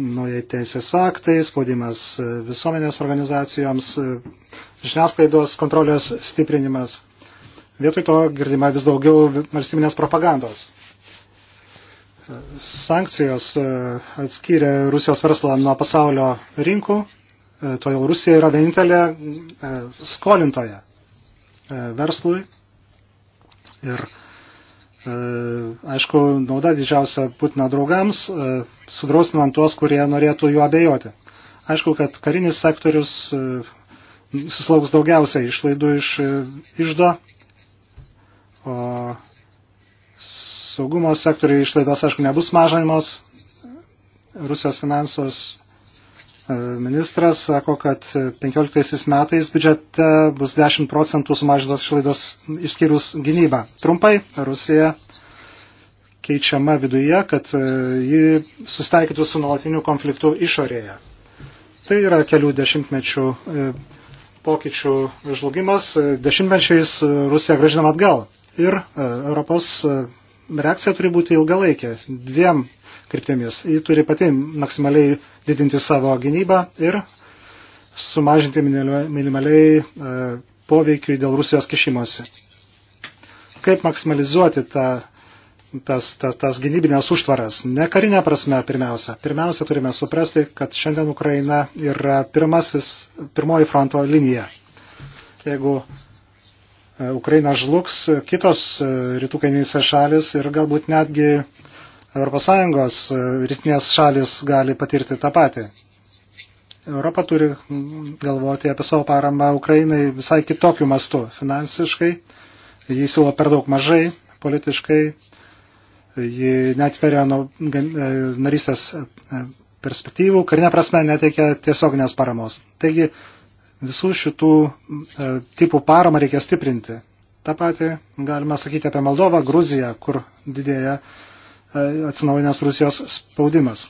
naujai teisės aktai, spaudimas e, visuomenės organizacijoms, žiniasklaidos kontrolės stiprinimas. Vietoj to girdime vis daugiau valstybinės propagandos sankcijos e, atskyrė Rusijos verslą nuo pasaulio rinkų, e, todėl Rusija yra vienintelė e, skolintoja verslui. Ir aišku, nauda didžiausia Putino draugams, sudrausminant tuos, kurie norėtų juo abejoti. Aišku, kad karinis sektorius susilauks daugiausiai išlaidų iš išdo, o saugumo sektoriai išlaidos, aišku, nebus mažanimos. Rusijos finansus e, ministras sako, kad 15 metais biudžete bus 10 procentų sumažintos išlaidos išskyrus gynybą. Trumpai, Rusija keičiama viduje, kad e, ji sustaikytų su nuolatiniu konfliktu išorėje. Tai yra kelių dešimtmečių e, pokyčių žlugimas. Dešimtmečiais Rusija gražinama atgal. Ir Europos reakcija turi būti ilgalaikė, dviem kryptimis. Ji turi pati maksimaliai didinti savo gynybą ir sumažinti minimaliai e, poveikiui dėl Rusijos kišimosi. Kaip maksimalizuoti tą, tas, tas, tas gynybinės užtvaras? Ne karinė prasme pirmiausia. Pirmiausia turime suprasti, kad šiandien Ukraina yra pirmasis, pirmoji fronto linija. Jeigu E, Ukraina žlugs, e, kitos e, rytų kaimynysės šalis ir galbūt netgi ES rytinės šalis gali patirti tą patį. Europa turi galvoti apie savo paramą Ukrainai visai kitokių mastų finansiškai, jį siūlo per daug mažai, politiškai, jį netveria narystės perspektyvų, karinė prasme neteikia tiesioginės paramos. Taigi Visų šitų e, tipų paramą reikia stiprinti. Ta pati galima sakyti apie Moldovą, Gruziją, kur didėja e, atsinaujinęs Rusijos spaudimas.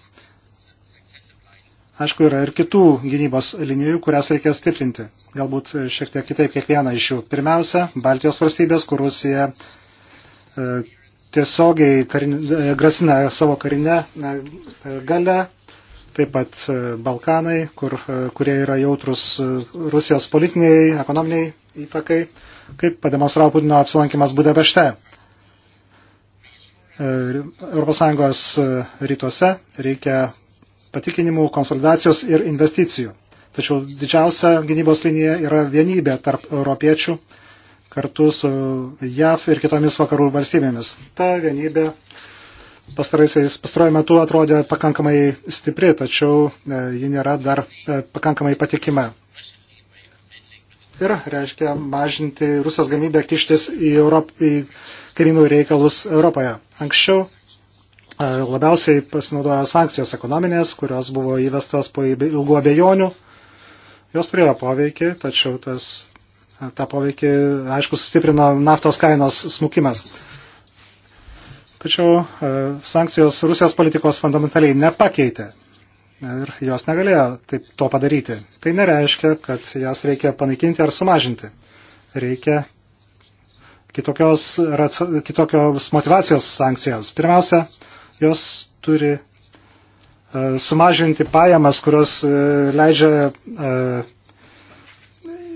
Aišku, yra ir kitų gynybos linijų, kurias reikia stiprinti. Galbūt šiek tiek kitaip kiekvieną iš jų. Pirmiausia, Baltijos valstybės, kur Rusija e, tiesiogiai karin, grasina savo karinę galę taip pat e, Balkanai, kur, e, kurie yra jautrus e, Rusijos politiniai, ekonominiai įtakai, kaip pademonstravo Putino apsilankimas Budapešte. ES rytuose reikia patikinimų, konsolidacijos ir investicijų. Tačiau didžiausia gynybos linija yra vienybė tarp europiečių kartu su JAF ir kitomis vakarų valstybėmis. Ta vienybė pastaruoju metu atrodė pakankamai stipri, tačiau e, ji nėra dar e, pakankamai patikima. Ir reiškia mažinti Rusijos gamybę kištis į, Europ, į karinų reikalus Europoje. Anksčiau e, labiausiai pasinaudojo sankcijos ekonominės, kurios buvo įvestos po ilgų abejonių. Jos turėjo poveikį, tačiau tas, tą poveikį, aišku, sustiprino naftos kainos smukimas. Tačiau e, sankcijos Rusijos politikos fundamentaliai nepakeitė ir jos negalėjo taip to padaryti. Tai nereiškia, kad jas reikia panaikinti ar sumažinti. Reikia kitokios, kitokios motivacijos sankcijos. Pirmiausia, jos turi e, sumažinti pajamas, kurios e, leidžia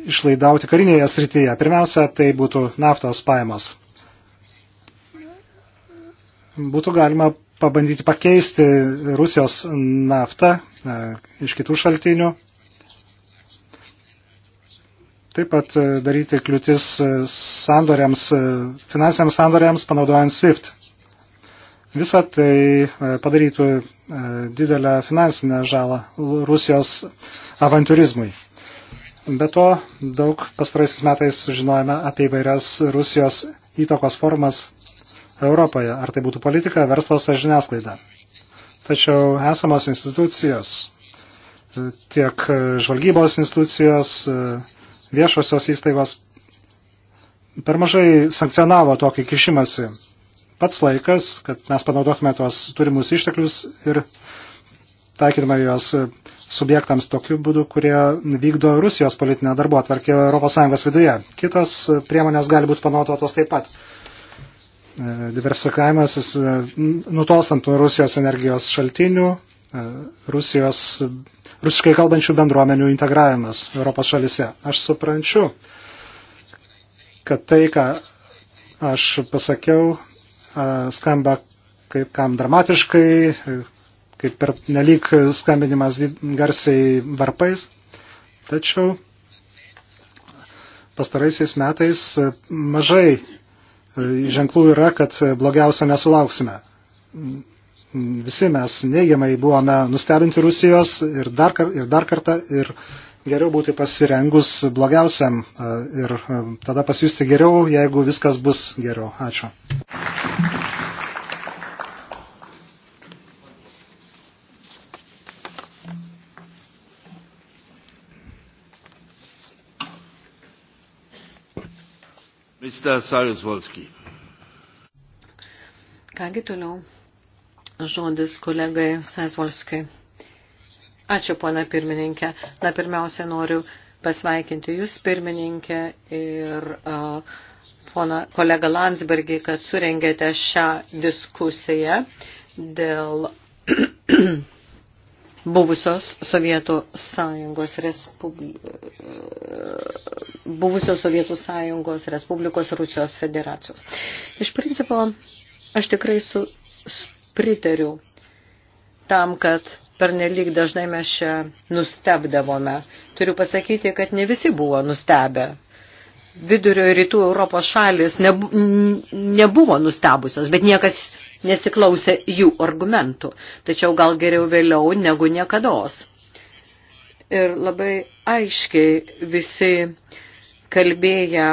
išlaidauti karinėje srityje. Pirmiausia, tai būtų naftos pajamos būtų galima pabandyti pakeisti Rusijos naftą e, iš kitų šaltinių. Taip pat e, daryti kliūtis e, sandoriams, finansiniams sandoriams panaudojant SWIFT. Visą tai padarytų didelę finansinę žalą Rusijos avantūrizmui. Be to, daug pastaraisiais metais sužinojame apie įvairias Rusijos įtakos formas Europoje, ar tai būtų politika, verslas ar žiniasklaida. Tačiau esamos institucijos, tiek žvalgybos institucijos, viešosios įstaigos per mažai sankcionavo tokį kišimąsi. Pats laikas, kad mes panaudotume tuos turimus išteklius ir taikytume juos subjektams tokiu būdu, kurie vykdo Rusijos politinę darbo atvarkę ES viduje. Kitos priemonės gali būti panaudotos taip pat. E, diversifikavimas e, nutolstant nuo Rusijos energijos šaltinių, e, Rusijos, rusiškai kalbančių bendruomenių integravimas Europos šalise. Aš suprančiu, kad tai, ką aš pasakiau, skamba kaip kam dramatiškai, kaip per nelik skambinimas garsiai varpais. Tačiau pastaraisiais metais mažai ženklų yra, kad blogiausio nesulauksime. Visi mes neigiamai buvome nustebinti Rusijos ir dar, ir dar kartą ir geriau būti pasirengus blogiausiam e, ir e, tada pasijusti geriau, jeigu viskas bus geriau. Ačiū. Mr. Sarasvolski. Kągi toliau žodis kolegai Sarasvolskiai. Ačiū, pana pirmininkė. Na, pirmiausia, noriu pasveikinti Jūs, pirmininkė, ir uh, pona kolega Landsbergį, kad surengėte šią diskusiją dėl buvusios Sovietų sąjungos, Respubli... buvusios Sovietų sąjungos Respublikos Rusijos federacijos. Iš principo, aš tikrai su, pritariu tam, kad per nelik dažnai mes čia nustebdavome. Turiu pasakyti, kad ne visi buvo nustebę. Vidurio ir rytų Europos šalis ne, nebuvo nustebusios, bet niekas nesiklausė jų argumentų. Tačiau gal geriau vėliau negu niekados. Ir labai aiškiai visi kalbėję,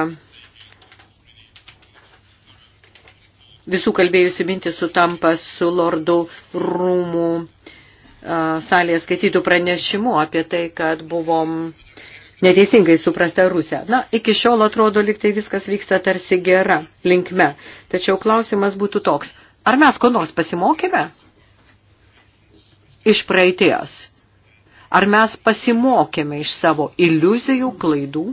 visų kalbėjusių mintis sutampa su lordų rūmų salėje skaitytų pranešimu apie tai, kad buvom neteisingai suprasta Rusija. Na, iki šiol atrodo, liktai viskas vyksta tarsi gera linkme. Tačiau klausimas būtų toks, Ar mes ko nors pasimokėme iš praeities? Ar mes pasimokėme iš savo iliuzijų, klaidų?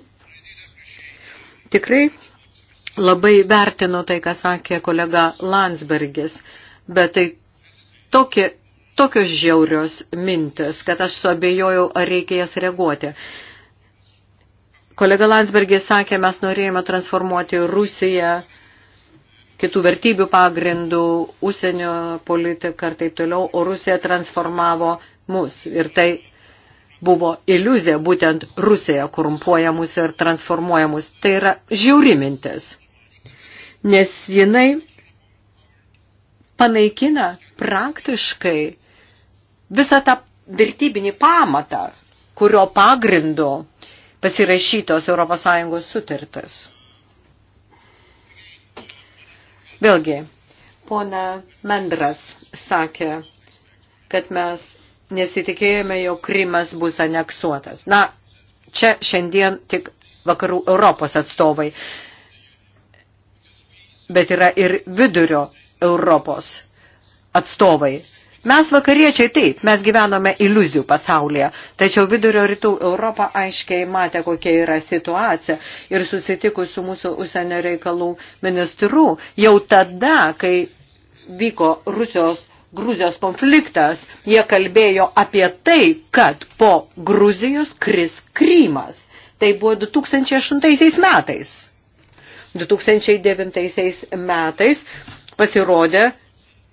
Tikrai labai vertinu tai, ką sakė kolega Landsbergis, bet tai tokie, tokios žiaurios mintis, kad aš suabejojau, ar reikia jas reaguoti. Kolega Landsbergis sakė, mes norėjome transformuoti Rusiją kitų vertybių pagrindų, užsienio politiką ir taip toliau, o Rusija transformavo mus. Ir tai buvo iliuzija, būtent Rusija korumpuoja mus ir transformuoja mus. Tai yra žiauri mintis, nes jinai panaikina praktiškai visą tą vertybinį pamatą, kurio pagrindu pasirašytos ES sutartas. Vėlgi, pona Mendras sakė, kad mes nesitikėjome, jog Krymas bus aneksuotas. Na, čia šiandien tik vakarų Europos atstovai, bet yra ir vidurio Europos atstovai, Mes vakariečiai taip, mes gyvename iliuzijų pasaulyje, tačiau vidurio rytų Europą aiškiai matė, kokia yra situacija ir susitikus su mūsų užsienio reikalų ministru, jau tada, kai vyko Rusijos Gruzijos konfliktas, jie kalbėjo apie tai, kad po Gruzijos kris Krymas. Tai buvo 2008 metais. 2009 metais pasirodė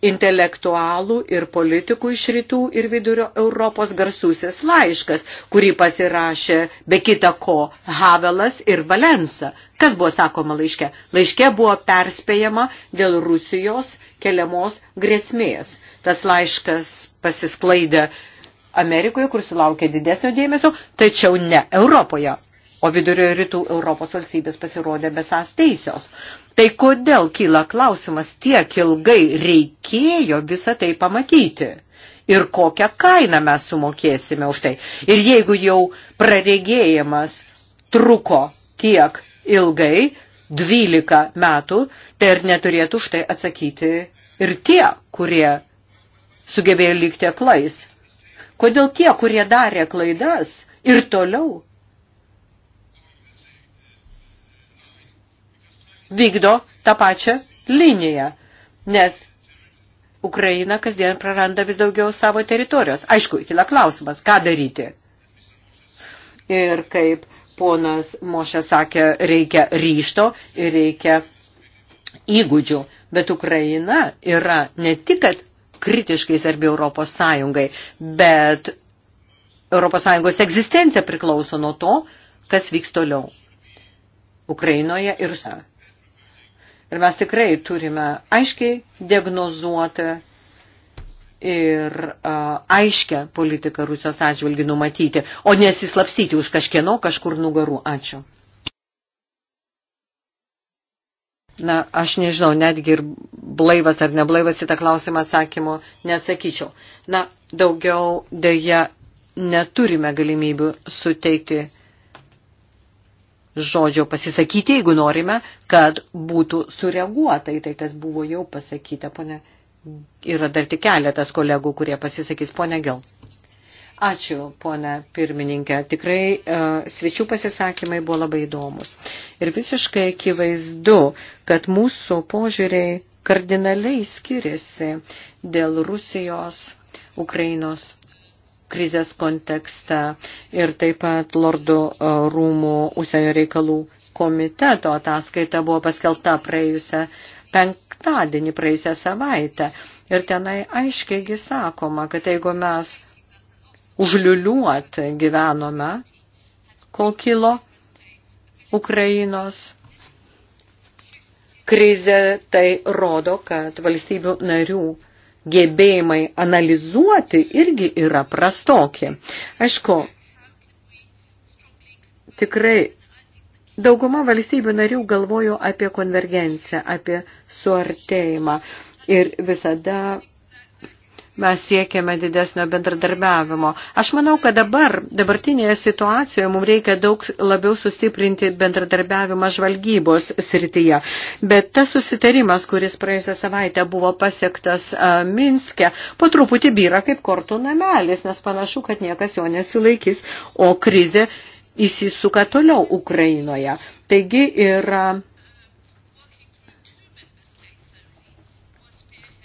intelektualų ir politikų iš rytų ir vidurio Europos garsusis laiškas, kurį pasirašė be kita ko Havelas ir Valensa. Kas buvo sakoma laiške? Laiške buvo perspėjama dėl Rusijos keliamos grėsmės. Tas laiškas pasisklaidė Amerikoje, kur sulaukė didesnio dėmesio, tačiau ne Europoje o vidurio rytų Europos valstybės pasirodė besas teisios. Tai kodėl kyla klausimas tiek ilgai reikėjo visą tai pamatyti? Ir kokią kainą mes sumokėsime už tai? Ir jeigu jau praregėjimas truko tiek ilgai, 12 metų, tai ir neturėtų už tai atsakyti ir tie, kurie sugebėjo likti aklais. Kodėl tie, kurie darė klaidas ir toliau vykdo tą pačią liniją, nes Ukraina kasdien praranda vis daugiau savo teritorijos. Aišku, kila klausimas, ką daryti. Ir kaip ponas Mošė sakė, reikia ryšto ir reikia įgūdžių. Bet Ukraina yra ne tik, kad kritiškai svarbi Europos Sąjungai, bet Europos Sąjungos egzistencija priklauso nuo to, kas vyks toliau Ukrainoje ir Ir mes tikrai turime aiškiai diagnozuoti ir uh, aiškę politiką Rusijos atžvilgių numatyti, o nesislapsyti už kažkieno kažkur nugarų. Ačiū. Na, aš nežinau, netgi ir blaivas ar neblaivas į tą klausimą atsakymo neatsakyčiau. Na, daugiau dėja neturime galimybių suteikti žodžio pasisakyti, jeigu norime, kad būtų sureaguota į tai, kas buvo jau pasakyta. Pone, yra dar tik keletas kolegų, kurie pasisakys. Pone Gil. Ačiū, pone pirmininkė. Tikrai uh, svečių pasisakymai buvo labai įdomus. Ir visiškai akivaizdu, kad mūsų požiūriai kardinaliai skiriasi dėl Rusijos, Ukrainos krizės kontekste ir taip pat Lordų e, rūmų užsienio reikalų komiteto ataskaita buvo paskelbta praėjusią penktadienį, praėjusią savaitę. Ir tenai aiškiai sakoma, kad jeigu mes užliuliuot gyvenome, kol kilo Ukrainos krizė, tai rodo, kad valstybių narių gebėjimai analizuoti irgi yra prastokie. Aišku, tikrai dauguma valstybių narių galvojo apie konvergenciją, apie suartėjimą ir visada mes siekiame didesnio bendradarbiavimo. Aš manau, kad dabar, dabartinėje situacijoje mums reikia daug labiau sustiprinti bendradarbiavimą žvalgybos srityje. Bet tas susitarimas, kuris praėjusią savaitę buvo pasiektas a, Minske, po truputį byra kaip kortų namelis, nes panašu, kad niekas jo nesilaikys, o krizė įsisuka toliau Ukrainoje. Taigi yra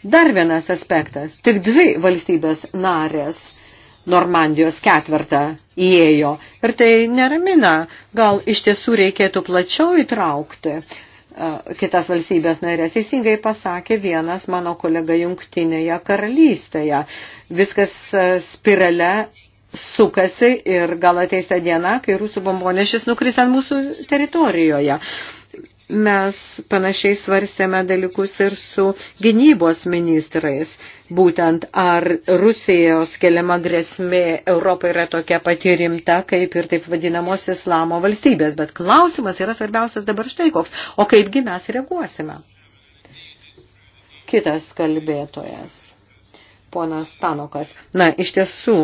Dar vienas aspektas. Tik dvi valstybės narės Normandijos ketvirtą įėjo. Ir tai neramina. Gal iš tiesų reikėtų plačiau įtraukti kitas valstybės narės. Teisingai pasakė vienas mano kolega jungtinėje karalystėje. Viskas spirale sukasi ir gal ateis ta diena, kai rusų bombonešis nukris ant mūsų teritorijoje mes panašiai svarstėme dalykus ir su gynybos ministrais. Būtent ar Rusijos keliama grėsmė Europai yra tokia pati rimta, kaip ir taip vadinamos islamo valstybės. Bet klausimas yra svarbiausias dabar štai koks. O kaipgi mes reaguosime? Kitas kalbėtojas. Ponas Tanokas. Na, iš tiesų,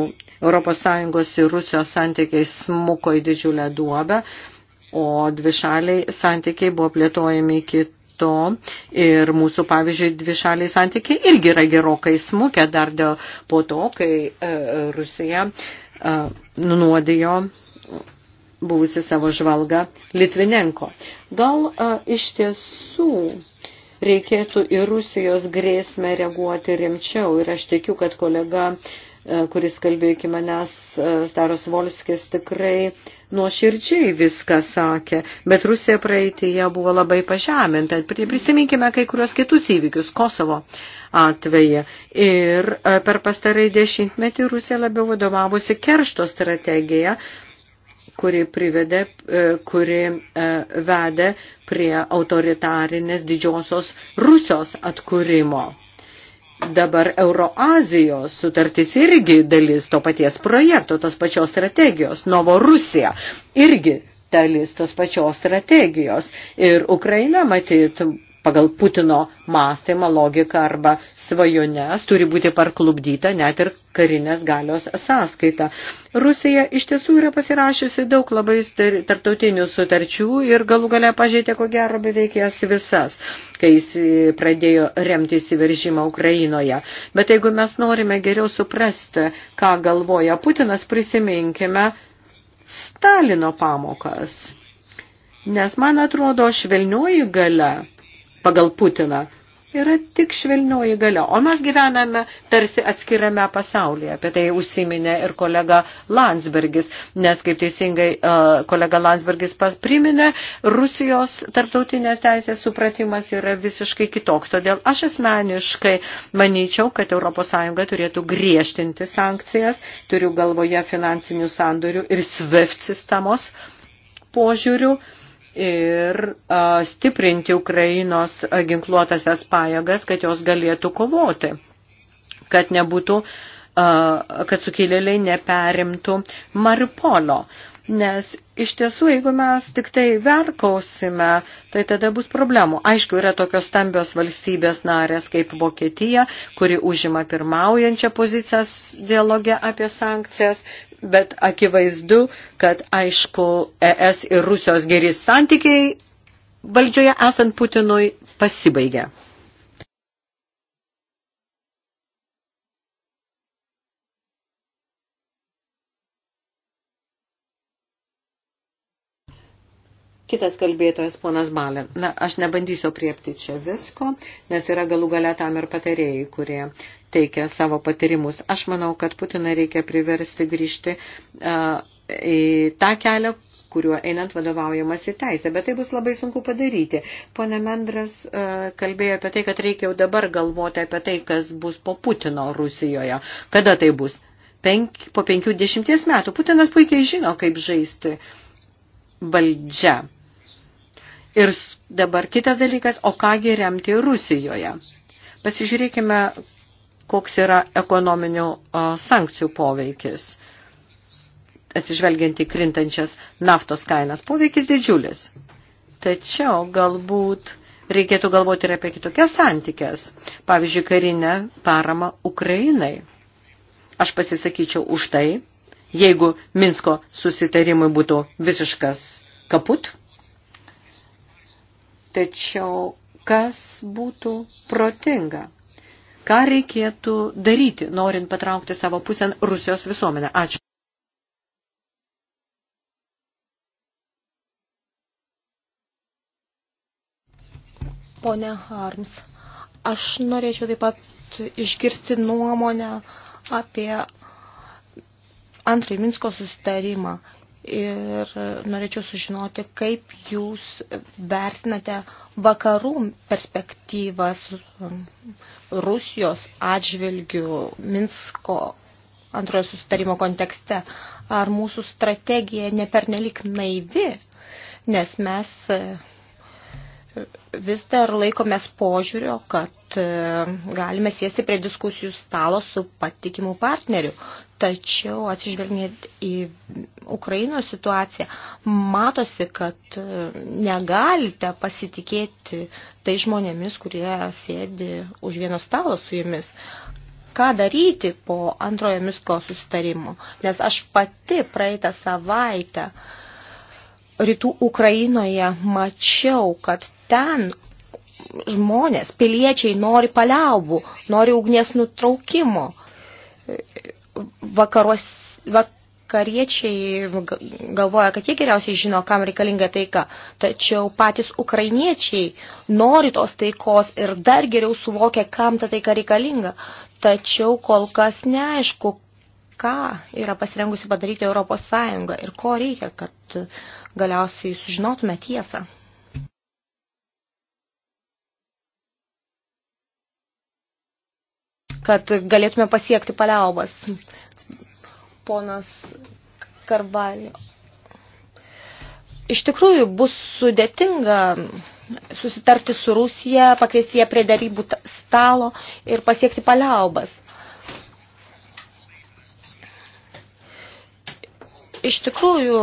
ES ir Rusijos santykiai smuko į didžiulę duobę o dvišaliai santykiai buvo plėtojami kitų to ir mūsų, pavyzdžiui, dvišaliai santykiai irgi yra gerokai smukę dar dėl po to, kai e, Rusija e, nunuodijo buvusi savo žvalgą Litvinenko. Gal e, iš tiesų reikėtų į Rusijos grėsmę reaguoti rimčiau ir aš tikiu, kad kolega e, E, kuris kalbėjo iki manęs, e, Staros Volskis tikrai nuoširdžiai viską sakė, bet Rusija praeitėje buvo labai pažeminta. Prisiminkime kai kurios kitus įvykius Kosovo atveju. Ir e, per pastarai dešimtmetį Rusija labiau vadovavosi keršto strategija, kuri, privedė, kuri vedė prie autoritarinės didžiosios Rusijos atkūrimo. Dabar Euroazijos sutartis irgi dalis to paties projekto, tos pačios strategijos. Novo Rusija irgi dalis tos pačios strategijos. Ir Ukraina, matyt, pagal Putino mąstymą, logiką arba svajones turi būti parklubdyta net ir karinės galios sąskaita. Rusija iš tiesų yra pasirašiusi daug labai tarptautinių sutarčių ir galų gale pažeidė ko gero beveik jas visas, kai jis e, pradėjo remti įsiveržimą Ukrainoje. Bet jeigu mes norime geriau suprasti, ką galvoja Putinas, prisiminkime Stalino pamokas. Nes man atrodo, švelnioji gale pagal Putiną yra tik švelnioji galia. O mes gyvename tarsi atskirame pasaulyje. Apie tai užsiminė ir kolega Landsbergis, nes kaip teisingai e, kolega Landsbergis priminė, Rusijos tarptautinės teisės supratimas yra visiškai kitoks. Todėl aš asmeniškai manyčiau, kad ES turėtų griežtinti sankcijas, turiu galvoje finansinių sandorių ir SWIFT sistemos požiūrių ir a, stiprinti Ukrainos ginkluotasias pajėgas, kad jos galėtų kovoti, kad nebūtų, a, kad sukilėliai neperimtų Maripolo. Nes iš tiesų, jeigu mes tik tai verkausime, tai tada bus problemų. Aišku, yra tokios stambios valstybės narės kaip Vokietija, kuri užima pirmaujančią pozicijas dialogę apie sankcijas, bet akivaizdu, kad aišku, ES ir Rusijos geri santykiai valdžioje esant Putinui pasibaigia. Kitas kalbėtojas, ponas Balin. Na, aš nebandysiu priepti čia visko, nes yra galų gale tam ir patarėjai, kurie teikia savo patarimus. Aš manau, kad Putiną reikia priversti grįžti uh, į tą kelią, kuriuo einant vadovaujamas į teisę, bet tai bus labai sunku padaryti. Pone Mendras uh, kalbėjo apie tai, kad reikia jau dabar galvoti apie tai, kas bus po Putino Rusijoje. Kada tai bus? Penk, po penkių dešimties metų. Putinas puikiai žino, kaip žaisti valdžia. Ir dabar kitas dalykas, o kągi remti Rusijoje. Pasižiūrėkime, koks yra ekonominių sankcijų poveikis, atsižvelgiant į krintančias naftos kainas. Poveikis didžiulis. Tačiau galbūt reikėtų galvoti ir apie kitokias santykės, pavyzdžiui, karinę paramą Ukrainai. Aš pasisakyčiau už tai, jeigu Minsko susitarimui būtų visiškas kaput, Tačiau kas būtų protinga? Ką reikėtų daryti, norint patraukti savo pusę Rusijos visuomenę? Ačiū. Pone Harms, aš norėčiau taip pat išgirsti nuomonę apie antrąjį Minsko susitarimą ir norėčiau sužinoti, kaip jūs vertinate vakarų perspektyvas Rusijos atžvilgių Minsko antrojo susitarimo kontekste. Ar mūsų strategija nepernelik naivi, nes mes vis dar laikomės požiūrio, kad e, galime sėsti prie diskusijų stalo su patikimu partneriu. Tačiau atsižvelgiant į Ukrainos situaciją, matosi, kad e, negalite pasitikėti tai žmonėmis, kurie sėdi už vieno stalo su jumis. Ką daryti po antrojo misko susitarimo? Nes aš pati praeitą savaitę uh, rytų Ukrainoje mačiau, kad ten žmonės, piliečiai nori paliaubų, nori ugnies nutraukimo. Vakaros, vakariečiai galvoja, kad jie geriausiai žino, kam reikalinga taika, tačiau patys ukrainiečiai nori tos taikos ir dar geriau suvokia, kam ta taika reikalinga. Tačiau kol kas neaišku, ką yra pasirengusi padaryti Europos Sąjunga ir ko reikia, kad galiausiai sužinotume tiesą. Kad galėtume pasiekti paliaubas. Ponas Karvalio. Iš tikrųjų bus sudėtinga susitarti su Rusija, pakeisti ją prie darybų stalo ir pasiekti paliaubas. iš tikrųjų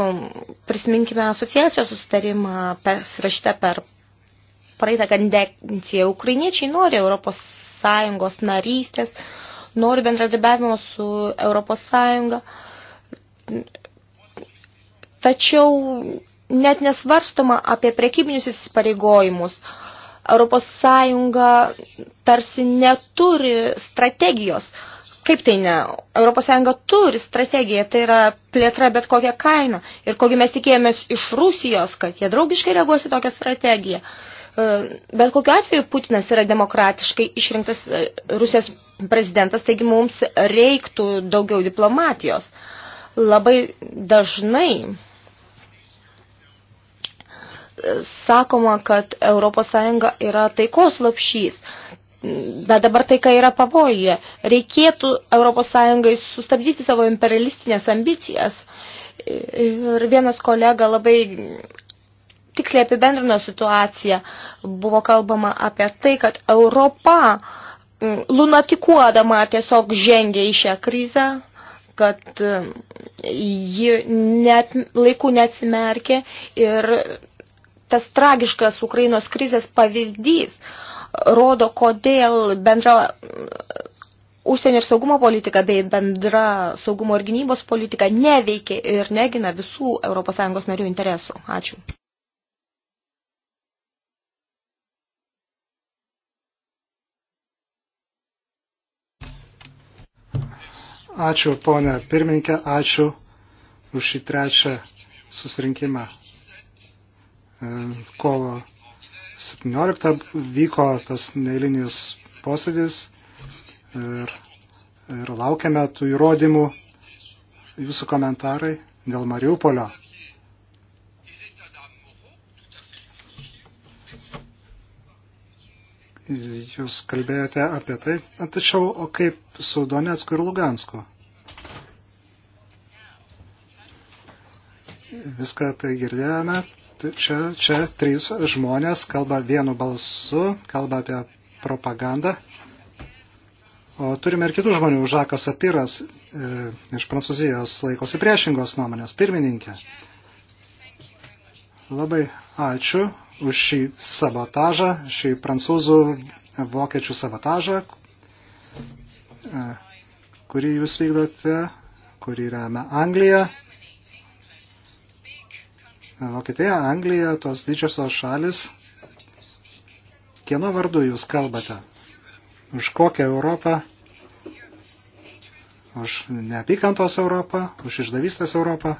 prisiminkime asociacijos susitarimą pasirašytą per praeitą kandenciją. Ukrainiečiai nori Europos Sąjungos narystės, nori bendradarbiavimo su Europos Sąjunga, tačiau net nesvarstoma apie prekybinius įsipareigojimus. Europos Sąjunga tarsi neturi strategijos. Uh, Kaip tai ne? ES turi strategiją, tai yra plėtra bet kokią kainą. Ir kogi mes tikėjomės iš Rusijos, kad jie draugiškai reaguosi tokią strategiją. E, bet kokiu atveju Putinas yra demokratiškai išrinktas e, Rusijos prezidentas, taigi mums reiktų daugiau diplomatijos. Labai dažnai e, sakoma, kad ES yra taikos lopšys. Bet dabar tai, kai yra pavojuje, reikėtų ES sustabdyti savo imperialistinės ambicijas. Ir vienas kolega labai tiksliai apibendrino situaciją. Buvo kalbama apie tai, kad Europa mm, lunatikuodama tiesiog žengia į šią krizę, kad mm, ji net laikų neatsimerkė ir tas tragiškas Ukrainos krizės pavyzdys uh, rodo, kodėl bendra užsienio ir saugumo politika bei bendra saugumo ir gynybos politika neveikia ir negina visų ES narių interesų. Ačiū. Ačiū, ponė pirmininkė, ačiū už šį trečią susirinkimą e, kovo 17 vyko tas neįlinis posėdis ir, ir laukiame tų įrodymų, jūsų komentarai dėl Mariupolio. Jūs kalbėjote apie tai, tačiau o kaip su Donetsku ir Lugansku? Viską tai girdėjome, čia, čia trys žmonės kalba vienu balsu, kalba apie propagandą. O turime ir kitų žmonių. Žakas Apiras e, iš Prancūzijos laikosi priešingos nuomonės. Pirmininkė. Labai ačiū už šį sabotažą, šį prancūzų vokiečių sabotažą, e, kurį jūs vykdote, kurį remia Anglija. Vokietija, Anglija, tos didžiosios šalis. Kieno vardu jūs kalbate? Už kokią Europą? Už neapykantos Europą? Už išdavystės Europą?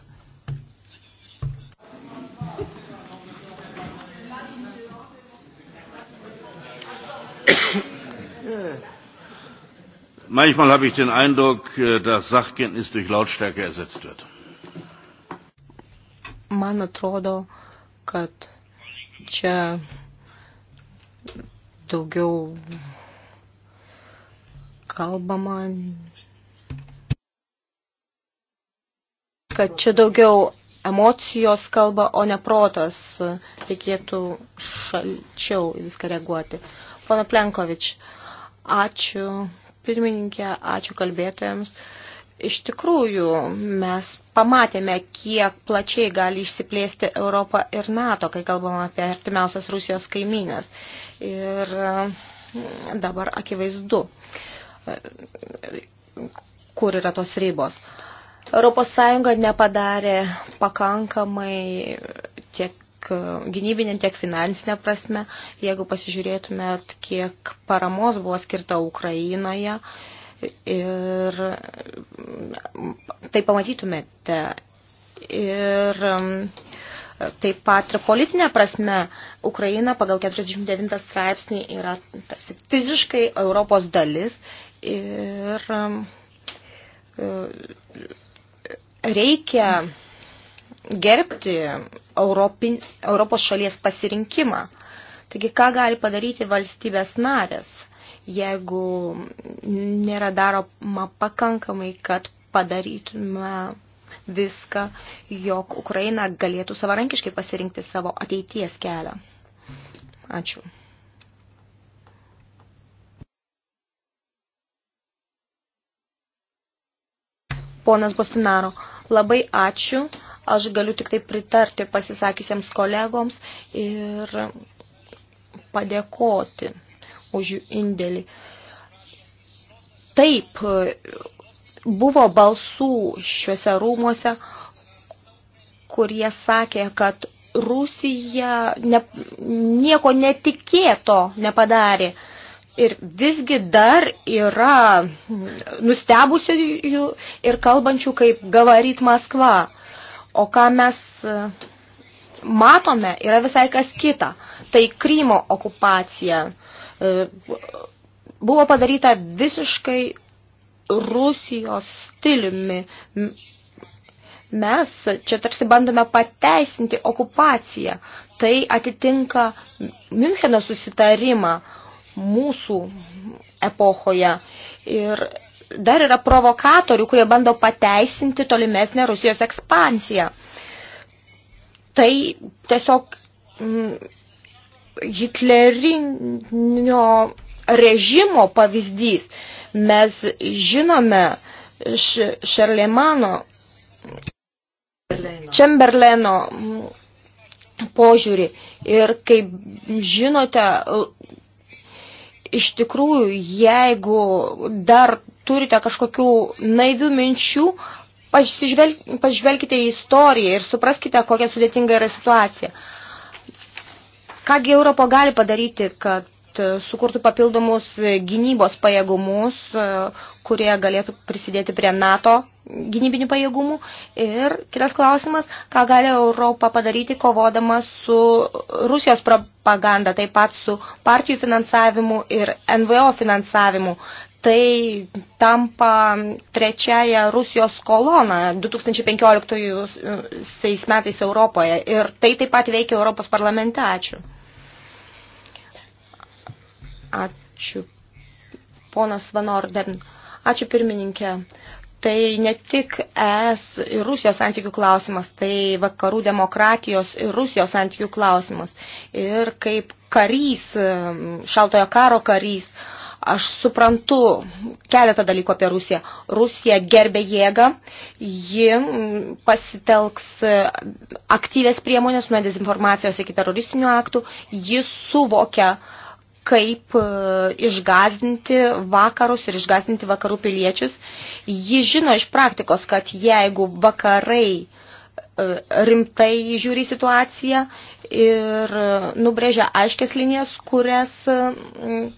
manchmal habe ich den eindruck äh, dass sachkenntnis durch lautstärke ersetzt wird. Man atrodo, kad čia daugiau kalbama, kad čia daugiau emocijos kalba, o ne protas. Reikėtų šalčiau viską reaguoti. Pana Plenkovič, ačiū pirmininkė, ačiū kalbėtojams iš tikrųjų mes pamatėme, kiek plačiai gali išsiplėsti Europą ir NATO, kai kalbam apie artimiausias Rusijos kaimynės. Ir mm, dabar akivaizdu, kur yra tos ribos. Europos Sąjunga nepadarė pakankamai tiek gynybinė, tiek finansinė prasme. Jeigu pasižiūrėtumėt, kiek paramos buvo skirta Ukrainoje, ir tai pamatytumėte. Ir um, taip pat ir politinė prasme Ukraina pagal 49 straipsnį yra tarsi fiziškai Europos dalis ir um, reikia gerbti Europin, Europos šalies pasirinkimą. Taigi, ką gali padaryti valstybės narės? jeigu nėra daroma pakankamai, kad padarytume viską, jog Ukraina galėtų savarankiškai pasirinkti savo ateities kelią. Ačiū. Ponas Bostinaro, labai ačiū. Aš galiu tik tai pritarti pasisakysiems kolegoms ir padėkoti už jų indėlį. Taip, buvo balsų šiuose rūmuose, kurie sakė, kad Rusija ne, nieko netikėto nepadarė. Ir visgi dar yra nustebusių ir kalbančių kaip gavaryt Maskva. O ką mes e, matome, yra visai kas kita. Tai Krymo okupacija, E, buvo padaryta visiškai Rusijos stiliumi. Mes čia tarsi bandome pateisinti okupaciją. Tai atitinka Müncheno susitarimą mūsų epochoje. Ir dar yra provokatorių, kurie bando pateisinti tolimesnę Rusijos ekspansiją. Tai tiesiog hitlerinio režimo pavyzdys. Mes žinome Šerlemano, Čemberleno požiūrį ir kaip žinote, iš tikrųjų, jeigu dar turite kažkokių naivių minčių, pažvelkite į istoriją ir supraskite, kokia sudėtinga yra situacija. Uh, Kągi Europo gali padaryti, kad e, sukurtų papildomus e, gynybos pajėgumus, e, kurie galėtų prisidėti prie NATO gynybinių pajėgumų. Ir kitas klausimas, ką gali Europa padaryti kovodama su Rusijos propaganda, taip pat su partijų finansavimu ir NVO finansavimu tai tampa trečiaja Rusijos kolona 2015 metais Europoje. Ir tai taip pat veikia Europos parlamente. Ačiū. Ačiū. Ponas Vanorden. Ačiū pirmininkė. Tai ne tik ES ir Rusijos santykių klausimas, tai vakarų demokratijos ir Rusijos santykių klausimas. Ir kaip karys, šaltojo karo karys, uh, Aš suprantu keletą dalykų apie Rusiją. Rusija gerbė jėgą, ji pasitelks e, aktyvės priemonės nuo dezinformacijos iki teroristinių aktų, ji suvokia, kaip e, išgazdinti vakarus ir išgazdinti vakarų piliečius. Ji žino iš praktikos, kad jeigu vakarai e, rimtai žiūri situaciją ir nubrėžia aiškės linijas, kurias mm,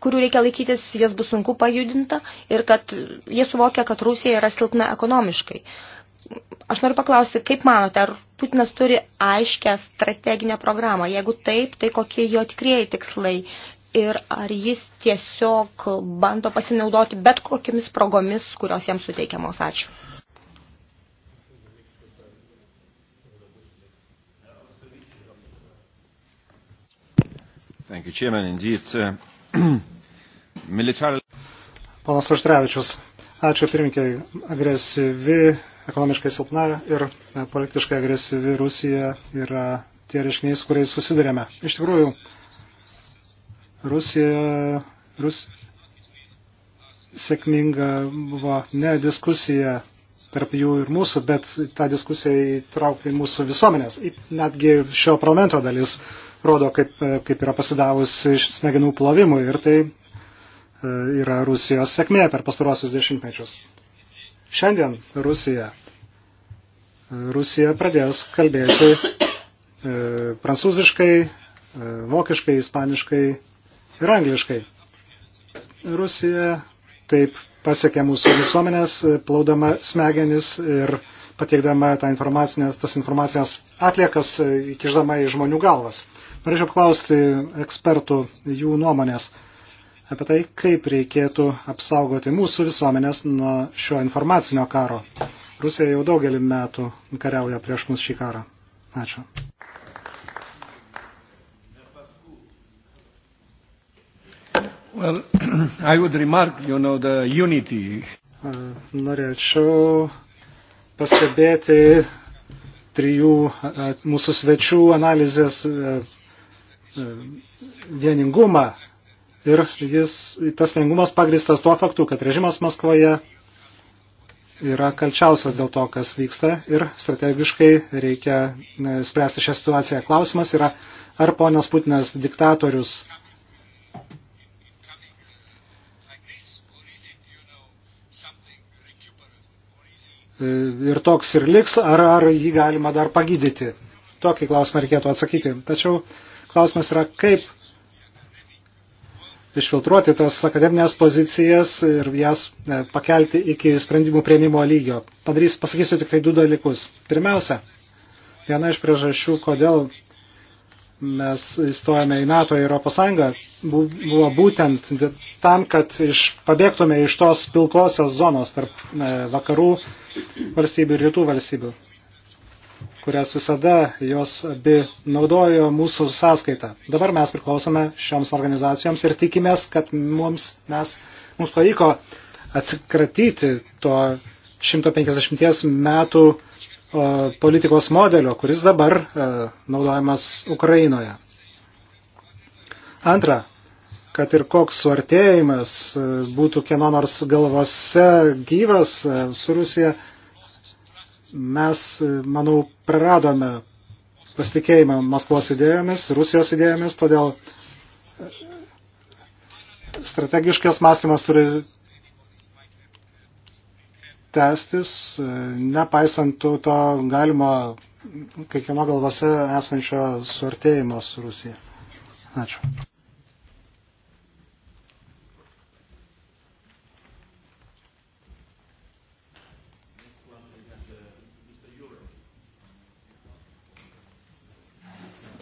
kurių reikia laikytis, jas bus sunku pajudinta ir kad jie suvokia, kad Rusija yra silpna ekonomiškai. Aš noriu paklausti, kaip manote, ar Putinas turi aiškę strateginę programą? Jeigu taip, tai kokie jo tikrieji tikslai ir ar jis tiesiog bando pasinaudoti bet kokiamis progomis, kurios jam suteikiamos? Ačiū. Thank you, Chairman. Indeed, uh, military... Ponas Aštrevičius, ačiū pirmininkai. Agresyvi, ekonomiškai silpna ir e, politiškai agresyvi Rusija yra tie reiškiniai, su kuriais susidurėme. Iš tikrųjų, Rusija, Rus, sėkminga buvo ne diskusija tarp jų ir mūsų, bet tą diskusiją įtraukti į mūsų visuomenės, netgi šio parlamento dalis rodo, kaip, kaip yra pasidavusi smegenų plovimui ir tai e, yra Rusijos sėkmė per pastarosius dešimtmečius. Šiandien Rusija, e, Rusija pradės kalbėti e, prancūziškai, vokiškai, ispaniškai ir angliškai. Rusija taip pasiekė mūsų visuomenės, plaudama smegenis ir pateikdama tą informacinės, tas informacinės atliekas, įkiždama į žmonių galvas. Norėčiau klausti ekspertų jų nuomonės apie tai, kaip reikėtų apsaugoti mūsų visuomenės nuo šio informacinio karo. Rusija jau daugelį metų kariauja prieš mus šį karą. Ačiū. Well, I would remark, you know, the unity. Norėčiau pastebėti trijų mūsų svečių analizės vieningumą ir jis, tas vieningumas pagristas tuo faktu, kad režimas Maskvoje yra kalčiausias dėl to, kas vyksta ir strategiškai reikia e, spręsti šią situaciją. Klausimas yra, ar ponas Putinas diktatorius ir toks ir liks, ar, ar jį galima dar pagydyti. Tokį klausimą reikėtų atsakyti. Tačiau Klausimas yra, kaip išfiltruoti tas akademinės pozicijas ir jas e, pakelti iki sprendimų prieimimo lygio. Padarys, pasakysiu tik tai du dalykus. Pirmiausia, viena iš priežasčių, kodėl mes įstojame į NATO ir Europos Sąjungą, buvo būtent tam, kad iš, pabėgtume iš tos pilkosios zonos tarp e, vakarų valstybių ir rytų valstybių kurias visada jos abi naudojo mūsų sąskaitą. Dabar mes priklausome šioms organizacijoms ir tikimės, kad mums, mes, mums pavyko atsikratyti to 150 metų o, politikos modelio, kuris dabar o, e, naudojamas Ukrainoje. Antra, kad ir koks suartėjimas e, būtų kieno nors galvose gyvas e, su Rusija, mes, manau, praradome pasitikėjimą Maskvos idėjomis, Rusijos idėjomis, todėl e, strategiškas mąstymas turi tęstis, e, nepaisant to, to galimo kiekvieno galvose esančio suartėjimo su Rusija. Ačiū.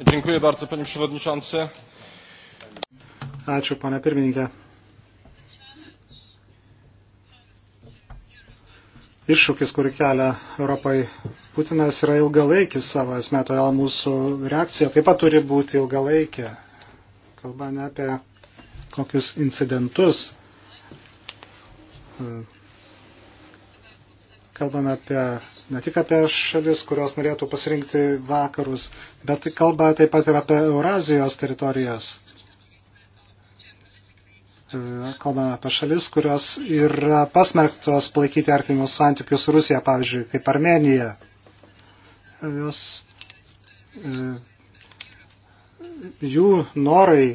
Dziękuję bardzo, panie przewodniczący. Ačiū, pane pirmininkė. Iššūkis, kurį kelia Europai Putinas, yra ilgalaikis savo esmė, todėl mūsų reakcija taip pat turi būti ilgalaikė. Kalba ne apie kokius incidentus kalbame apie, ne tik apie šalis, kurios norėtų pasirinkti vakarus, bet kalba taip pat ir apie Eurazijos teritorijas. E, kalbame apie šalis, kurios yra pasmerktos palaikyti artimus santykius su Rusija, pavyzdžiui, kaip Armenija. E, jos, e, jų norai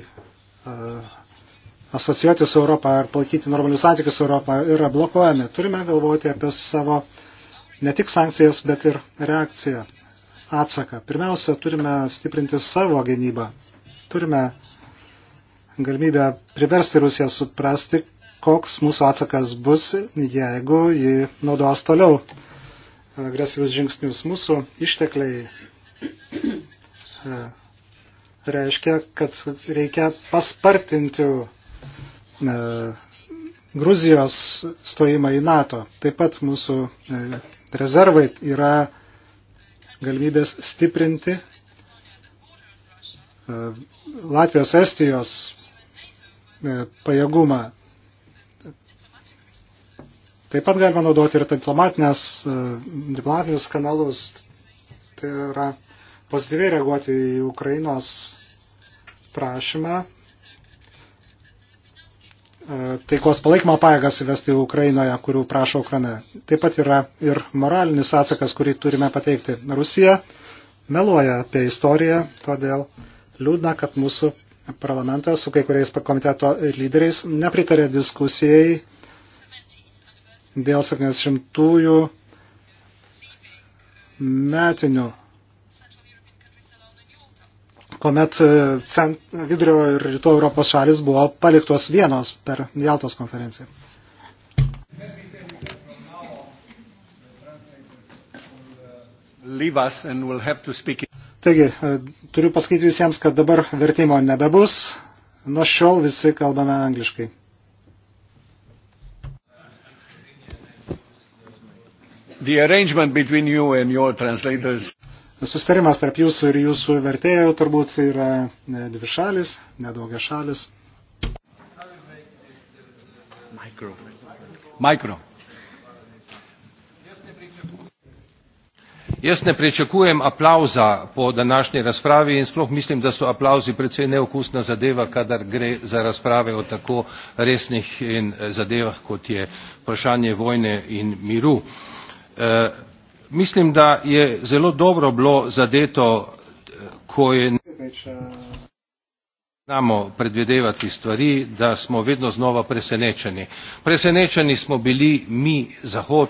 asociuoti su Europą ar palaikyti normalius santykius su Europą yra blokuojami. Turime galvoti apie savo ne tik sankcijas, bet ir reakciją, atsaką. Pirmiausia, turime stiprinti savo gynybą. Turime galimybę priversti Rusiją suprasti, koks mūsų atsakas bus, jeigu ji naudos toliau agresyvius žingsnius. Mūsų ištekliai e, reiškia, kad reikia paspartinti e, Gruzijos stojimą į NATO. Taip pat mūsų e, rezervai yra galimybės stiprinti e, Latvijos, Estijos e, pajėgumą. Taip pat galima naudoti ir e, diplomatinius kanalus. Tai yra pozityviai reaguoti į Ukrainos prašymą E, taikos palaikymo pajėgas įvesti Ukrainoje, kurių prašo Ukraina. Taip pat yra ir moralinis atsakas, kurį turime pateikti. Rusija meluoja apie istoriją, todėl liūdna, kad mūsų parlamentas su kai kuriais komiteto lyderiais nepritarė diskusijai dėl 70-ųjų metinių kuomet e, cent, vidurio ir rytų Europos šalis buvo paliktos vienos per Jaltos konferenciją. Taigi, e, turiu pasakyti visiems, kad dabar vertimo nebebus. Nuo šiol visi kalbame angliškai. The arrangement between you and your translators Sustarimas tarp jūsų ir jūsų vertėjų turbūt yra ne dvi šalis, nedaugia šalis. Mikro. Mikro. Jaz ne pričakujem aplauza po današnji razpravi in sploh mislim, da so aplauzi precej neokusna zadeva, kadar gre za razprave o tako resnih in eh, zadevah, kot je vprašanje vojne in miru. E, Mislim, da je zelo dobro bilo zadeto, ko je znamo predvidevati stvari, da smo vedno znova presenečeni. Presenečeni smo bili mi, Zahod,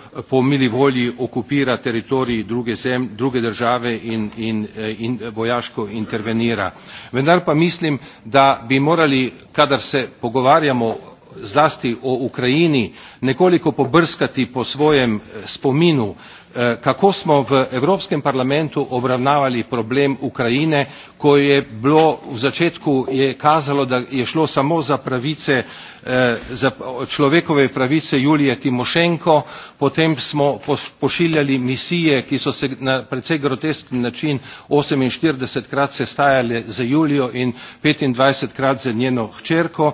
po mili volji okupira teritorij druge, zem, druge države in, in, eh, in eh, vojaško intervenira. Vendar pa mislim, da bi morali, kadar se pogovarjamo zlasti o Ukrajini, nekoliko pobrskati po svojem eh, spominu, kako smo v Evropskem parlamentu obravnavali problem Ukrajine, ko je bilo v začetku je kazalo, da je šlo samo za pravice E, za človekove pravice Julije Timošenko, potem smo pošiljali misije, ki so se na precej grotesken način 48 krat sestajale z Julijo in 25 krat z njeno hčerko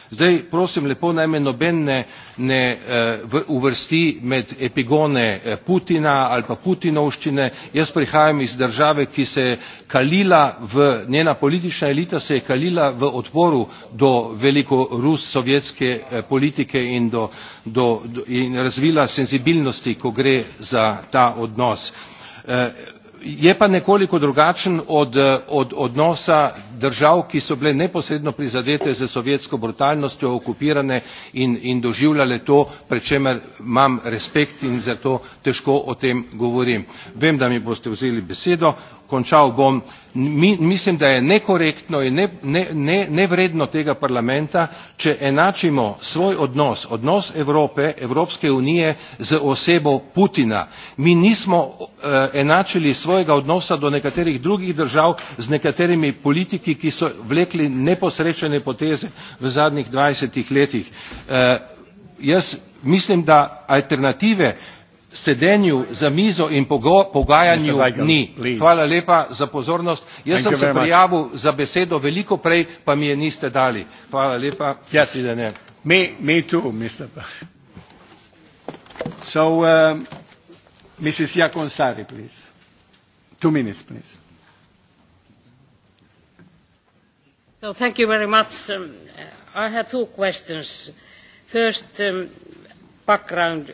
Zdaj, prosim lepo, naj me noben ne, ne eh, uvrsti med epigone eh, Putina ali pa Putinovščine. Jaz prihajam iz države, ki se je kalila v, njena politična elita se je kalila v odporu do velikorus sovjetske eh, politike in, do, do, do, in razvila senzibilnosti, ko gre za ta odnos. E, je pa nekoliko drugačen od, eh, od odnosa držav, ki so bile neposredno prizadete z sovjetsko brutalnostjo, okupirane in, in doživljale to, pred čemer imam respekt in zato težko o tem govorim. Vem, da mi boste vzeli besedo končal bom, mi, mislim, da je nekorektno in ne, ne, ne, nevredno tega parlamenta, če enačimo svoj odnos, odnos Evrope, Evropske unije z osebo Putina. Mi nismo uh, enačili svojega odnosa do nekaterih drugih držav z nekaterimi politiki, ki so vlekli neposrečene poteze v zadnjih dvajsetih letih. Uh, jaz mislim, da alternative sedenju za mizo in pogajanju ni. Hvala lepa za pozornost. Jaz Thank sem se prijavil za besedo veliko prej, pa mi je niste dali. Hvala lepa. Yes. Me, me too, Mr. So, um, Mrs. Yakonsari, please. Two minutes, please. So, thank you very much. Um, I have two questions. First, um, background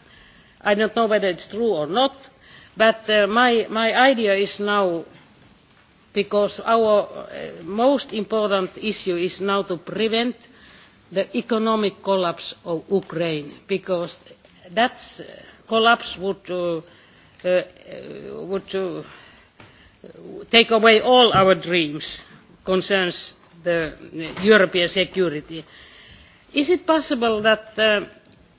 i do not know whether it is true or not but uh, my, my idea is now because our uh, most important issue is now to prevent the economic collapse of ukraine because that uh, collapse would, uh, uh, would uh, take away all our dreams concerning uh, european security. is it possible that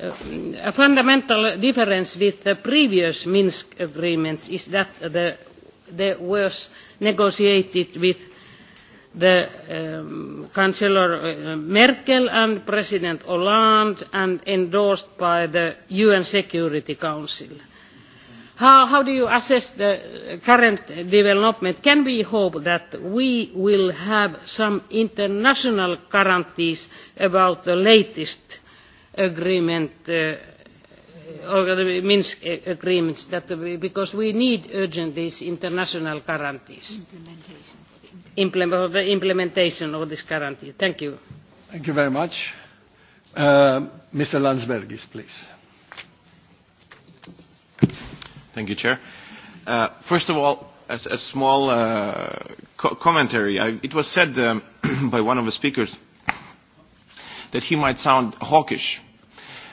a fundamental difference with the previous Minsk agreements is that the, the was negotiated with the um, Chancellor uh, Merkel and President Hollande and endorsed by the UN Security Council. How, how do you assess the current development? Can we hope that we will have some international guarantees about the latest agreement, uh, or the Minsk agreements, that, because we need urgent these international guarantees. Implementation. Implement, the implementation of this guarantee. Thank you. Thank you very much. Uh, Mr. Landsbergis, please. Thank you, Chair. Uh, first of all, a, a small uh, co commentary. I, it was said um, by one of the speakers that he might sound hawkish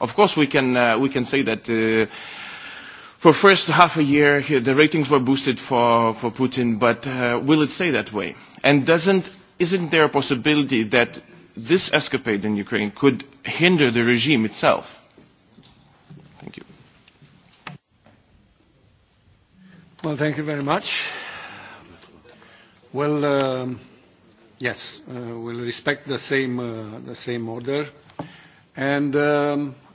Of course, we can, uh, we can say that uh, for first half a year, the ratings were boosted for, for Putin, but uh, will it stay that way? And doesn't, isn't there a possibility that this escapade in Ukraine could hinder the regime itself? Thank you. Well, thank you very much. Well, um, yes, uh, we'll respect the same, uh, the same order. And um,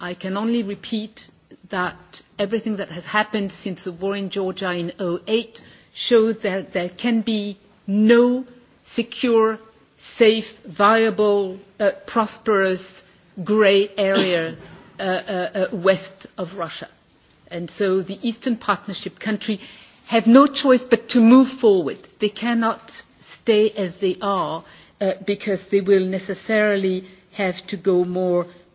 I can only repeat that everything that has happened since the war in Georgia in 2008 shows that there can be no secure, safe, viable, uh, prosperous grey area uh, uh, uh, west of Russia. And so the Eastern Partnership country have no choice but to move forward. They cannot stay as they are uh, because they will necessarily have to go more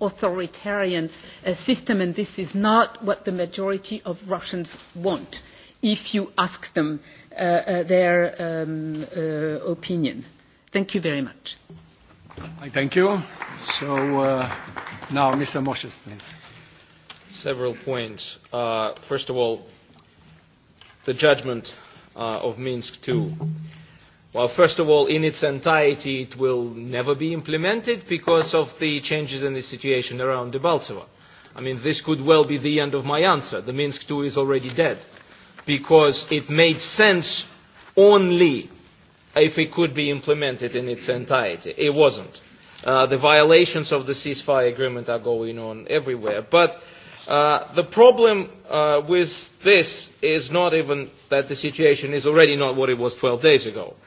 authoritarian uh, system, and this is not what the majority of Russians want if you ask them uh, uh, their um, uh, opinion. Thank you very much. I thank you. So uh, now, Mr. Moshes, please. Several points. Uh, first of all, the judgment uh, of Minsk II. Mm-hmm Well, first of all, in its entirety, it will never be implemented because of the changes in the situation around Debaltseva. I mean, this could well be the end of my answer. The Minsk II is already dead because it made sense only if it could be implemented in its entirety. It wasn't. Uh, the violations of the ceasefire agreement are going on everywhere. But uh, the problem uh, with this is not even that the situation is already not what it was 12 days ago. Uh,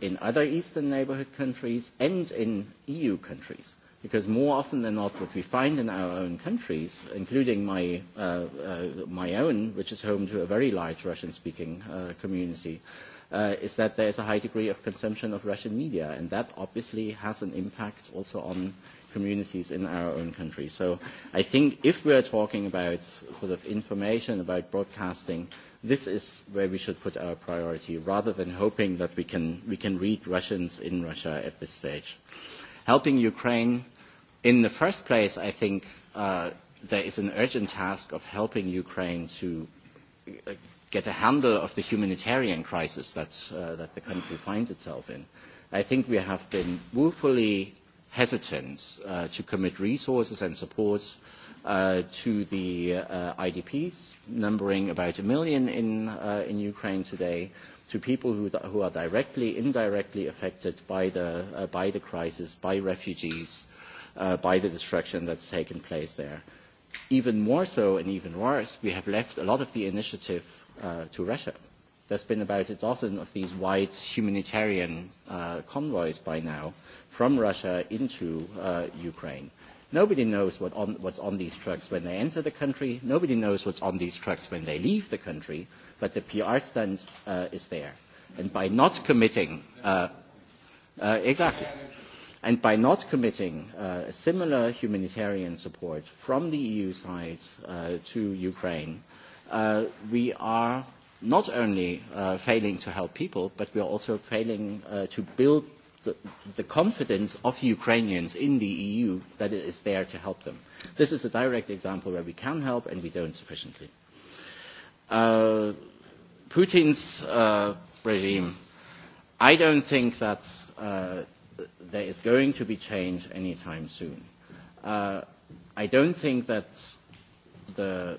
in other Eastern neighborhood countries and in EU countries. Because more often than not, what we find in our own countries, including my, uh, uh, my own, which is home to a very large Russian-speaking uh, community, uh, is that there is a high degree of consumption of Russian media, and that obviously has an impact also on communities in our own country. So I think if we are talking about sort of information, about broadcasting, this is where we should put our priority rather than hoping that we can, we can read Russians in Russia at this stage. Helping Ukraine, in the first place, I think uh, there is an urgent task of helping Ukraine to uh, get a handle of the humanitarian crisis that, uh, that the country finds itself in. I think we have been woefully hesitant uh, to commit resources and support uh, to the uh, IDPs, numbering about a million in, uh, in Ukraine today, to people who, who are directly, indirectly affected by the, uh, by the crisis, by refugees, uh, by the destruction that's taken place there. Even more so and even worse, we have left a lot of the initiative uh, to Russia. Uh, There's been about a dozen of these wide humanitarian uh, convoys by now from Russia into uh, Ukraine. Nobody knows what on, what's on these trucks when they enter the country. Nobody knows what's on these trucks when they leave the country. But the PR stunt uh, is there. And by not committing, uh, uh, exactly. And by not committing uh, similar humanitarian support from the EU side uh, to Ukraine, uh, we are not only uh, failing to help people, but we are also failing uh, to build the, the confidence of Ukrainians in the EU that it is there to help them. This is a direct example where we can help and we don't sufficiently. Uh, Putin's uh, regime, I don't think that uh, there is going to be change anytime soon. Uh, I don't think that the